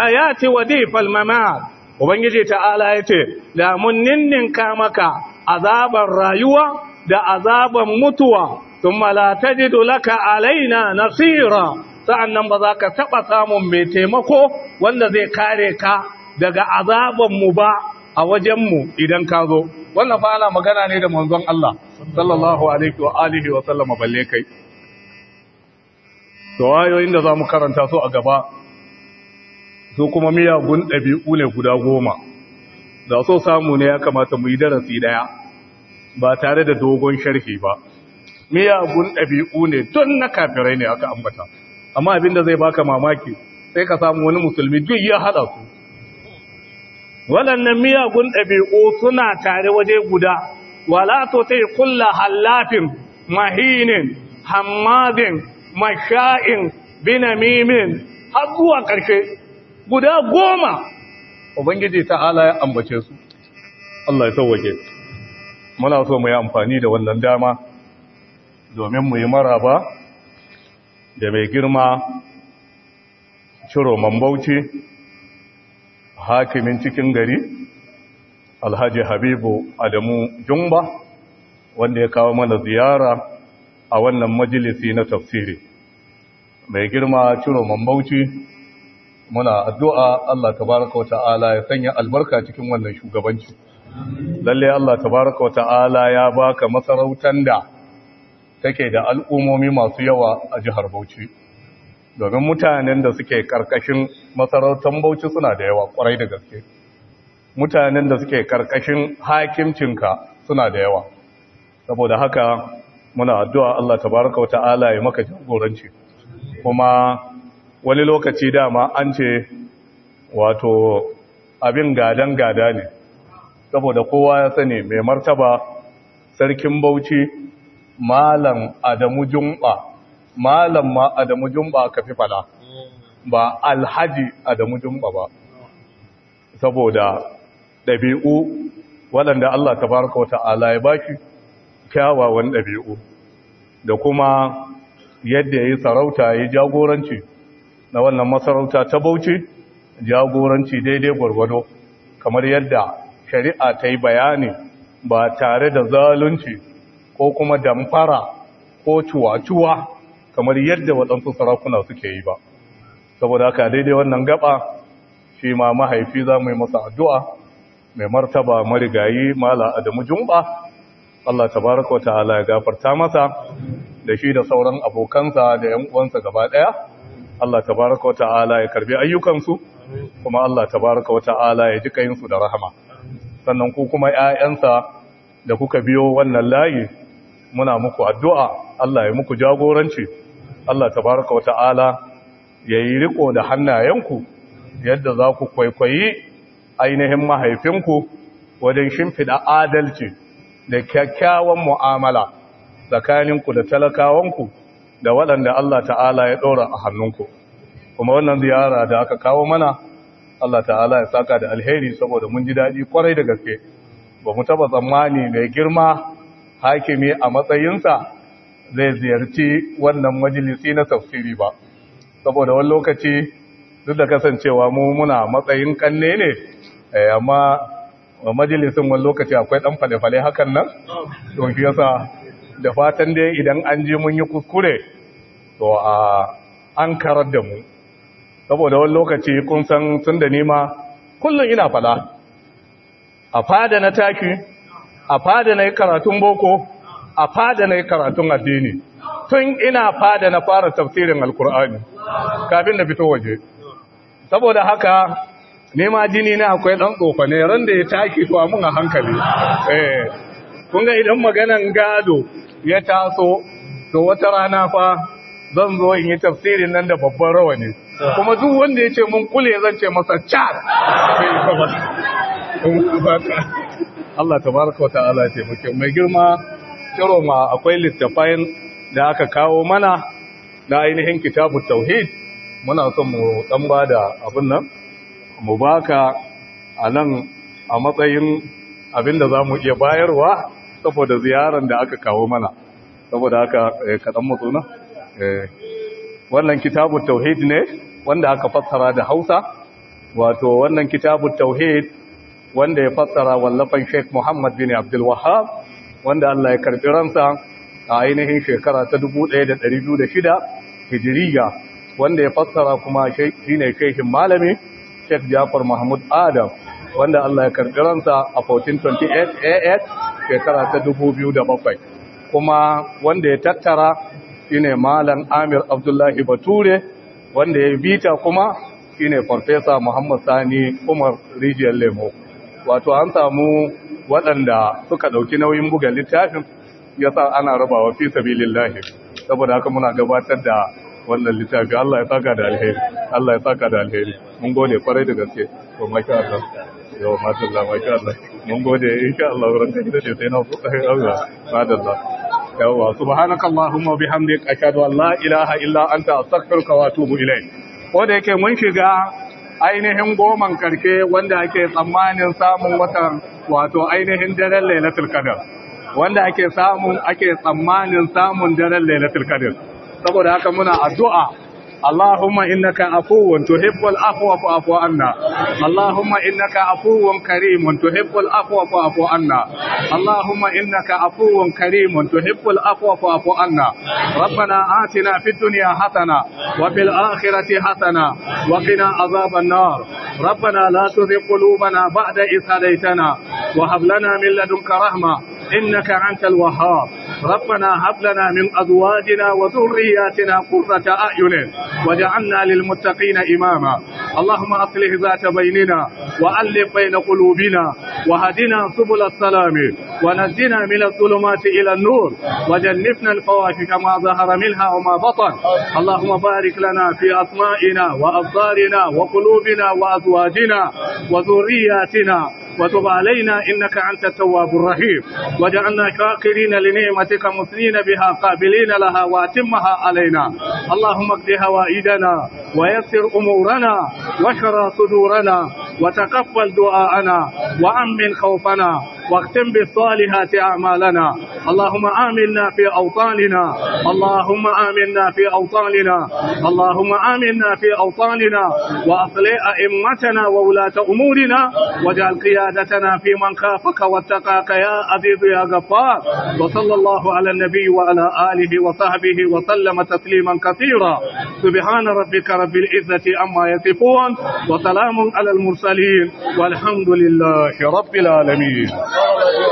hayati wa di'fal mamat ubangiji ta'ala yace da mun ninninka maka azaban rayuwa da azaban mutuwa ثم لا تجد لك علينا نصيرا sa'annan ba za ka taɓa samun mai taimako wanda zai kare ka daga azabanmu ba a wajenmu idan ka zo wannan fa’ala magana ne da manzon Allah sallallahu alaihi wa'alihi wa sallama balle kai to da za mu karanta su a gaba su kuma miyagun ɗabi'u ne guda goma da so samu ne ya kamata mu yi darasi ɗaya. ba tare da dogon sharhi ba miyagun ɗabi'u ne tun na kafirai ne aka ambata amma abin da zai baka mamaki sai ka samu wani musulmi duk ya haɗa su waɗannan miyagun ɗabi'u suna tare waje guda wala to sai kulla halafin, mahinin hammadin masha'in binamimin har zuwa ƙarshe guda goma ubangiji ala ya ambace su Allah ya sauwake muna so mu yi amfani da wannan dama domin mu yi maraba da mai girma ciroman bauchi hakimin cikin gari alhaji habibu adamu jumba wanda ya kawo mana ziyara a wannan majalisi na tafsiri mai girma ciroman bauchi muna addu'a Allah tabaraka wa ta'ala ya sanya albarka cikin wannan shugabanci lalle Allah tabaraka wa ta'ala ya baka masarautar da take da al'ummomi masu yawa a jihar Bauchi domin mutanen da suke karkashin masarautar Bauchi suna da yawa kwarai da gaske mutanen da suke karkashin hakimcinka suna da yawa saboda haka muna addu'a Allah tabaraka wa ta'ala ya maka jagoranci kuma wani lokaci dama an ce wato abin gadan gada ne saboda kowa ya sani mai martaba sarkin Bauchi malam adamu jumba malam ma adamu jumba ka fi fada ba alhaji adamu jumba ba saboda ɗabi'u waɗanda Allah ta baraka wa ta'ala ya baki kyawawan ɗabi'u da kuma yadda ya yi sarauta ya jagoranci na wannan masarauta ta bauchi jagoranci daidai gwargwado kamar yadda shari'a ta yi bayani ba tare da zalunci ko kuma damfara ko cuwa-cuwa kamar yadda waɗansu sarakuna suke yi ba saboda haka daidai wannan gaba shi ma mahaifi za mu yi masa addu'a mai martaba marigayi mala adamu jumba Allah tabaraka ta'ala ya gafarta masa da shi da sauran abokansa da ‘yan uwansa gaba ɗaya Allah tabaraka ta'ala ya karbi ayyukansu kuma Allah tabaraka ta'ala ya jika yinsu da rahama sannan ku kuma ‘ya'yansa da kuka biyo wannan layi muna muku addu'a Allah ya muku jagoranci Allah ta tabaraka wata'ala ya yi riko da hannayenku yadda za ku kwaikwayi ainihin mahaifinku wajen shimfiɗa adalci da kyakkyawan mu'amala tsakaninku da talakawanku da waɗanda Allah ta'ala ya ɗora a hannunku kuma wannan ziyara da aka kawo mana Allah ta'ala ya saka da alheri saboda mun ji daɗi kwarai da gaske ba mu taɓa tsammani mai girma hakimi a matsayinsa zai ziyarci wannan majalisi na tafsiri ba saboda wani lokaci duk da kasancewa mu muna matsayin kanne ne eh, amma majalisin wani lokaci akwai ɗan fale-fale hakan nan Don shi yasa da fatan dai idan an je mun yi kuskure to a an karar da mu saboda wani lokaci kun san tun da nima kullum ina fala a fada na taki a fada na yi karatun boko a fada na yi karatun addini tun ina fada na fara tafsirin alkur'ani kafin da fito waje saboda haka nema jini ne akwai dan tsofa ne ran da ya taki to mun a hankali eh kun ga idan maganan gado ya taso to wata rana fa zan zo in yi tafsirin nan da babban rawa ne kuma duk wanda ya ce mun kule zan ce masa cat Allah tabaraka wata'ala ta muke mai girma kiro ma akwai littafin da aka kawo mana na ainihin kitabut tauhid muna son mu dan da abin nan mu baka a nan a matsayin abin da zamu iya bayarwa saboda ziyaran da aka kawo mana saboda dan eh, kaɗan na eh, wannan kitabut tauhid ne wanda aka fassara da Hausa wato wannan kitabut tauhid wanda ya fassara wallafan Sheikh Muhammad bin Abdul Wahhab wanda Allah ya karbi ransa a ainihin shekara ta 1206 Hijriya wanda ya fassara kuma shine Sheikhin malami Sheikh Jafar Mahmud Adam wanda Allah ya karbi ransa a 1428 AH shekara ta 2007 kuma wanda ya tattara shine malam Amir Abdullahi Bature wanda ya bita kuma shine farfesa Muhammad Sani Umar Rijiyar Lemo wato an samu waɗanda suka ɗauki nauyin buga littafin ya sa ana rabawa fi lillahi saboda haka muna gabatar da wannan littafi Allah ya saka da alheri Allah ya saka da alheri mun gode kwarai da gaske to maka Allah yau masha Allah maka Allah mun gode insha Allah wurin da ce sai na fuka Allah madalla yawa subhanaka allahumma bihamdika ashhadu an la ilaha illa anta astaghfiruka wa atubu ilayk ko da yake mun shiga ainihin goman karke wanda ake tsammanin samun watan wato ainihin daren lailatul qadr wanda ake samun ake tsammanin samun daren lailatul qadr saboda haka muna addu'a اللهم إنك عفو تحب العفو فاعف عنا اللهم إنك عفو كريم تحب العفو فاعف عنا اللهم إنك عفو كريم تحب العفو فاعف عنا ربنا آتنا في الدنيا حسنة وفي الآخرة حسنة وقنا عذاب النار ربنا لا تزغ قلوبنا بعد إذ هديتنا وهب لنا من لدنك رحمة إنك أنت الوهاب ربنا هب لنا من أزواجنا وذرياتنا قرة أعين وجعلنا للمتقين إماما اللهم أصلح ذات بيننا وألف بين قلوبنا وهدنا سبل السلام ونجنا من الظلمات إلى النور وجنبنا الفواحش ما ظهر منها وما بطن اللهم بارك لنا في أسمائنا وأبصارنا وقلوبنا وأزواجنا وذرياتنا وتب علينا إنك أنت التواب الرحيم وجعلنا شاكرين لنعمتك مثنين بها قابلين لها واتمها علينا اللهم اقض وإيدنا ويسر أمورنا واشرى صدورنا وتقبل دعاءنا وأمن خوفنا واختم بالصالحات أعمالنا اللهم آمنا في أوطاننا اللهم آمنا في أوطاننا اللهم آمنا في أوطاننا وأصلح أئمتنا وولاة أمورنا واجعل قيادتنا في من خافك واتقاك يا عزيز يا غفار وصلى الله على النبي وعلى آله وصحبه وسلم تسليما كثيرا سبحان ربك رب العزة عما يصفون وسلام على المرسلين والحمد لله رب العالمين Brasil.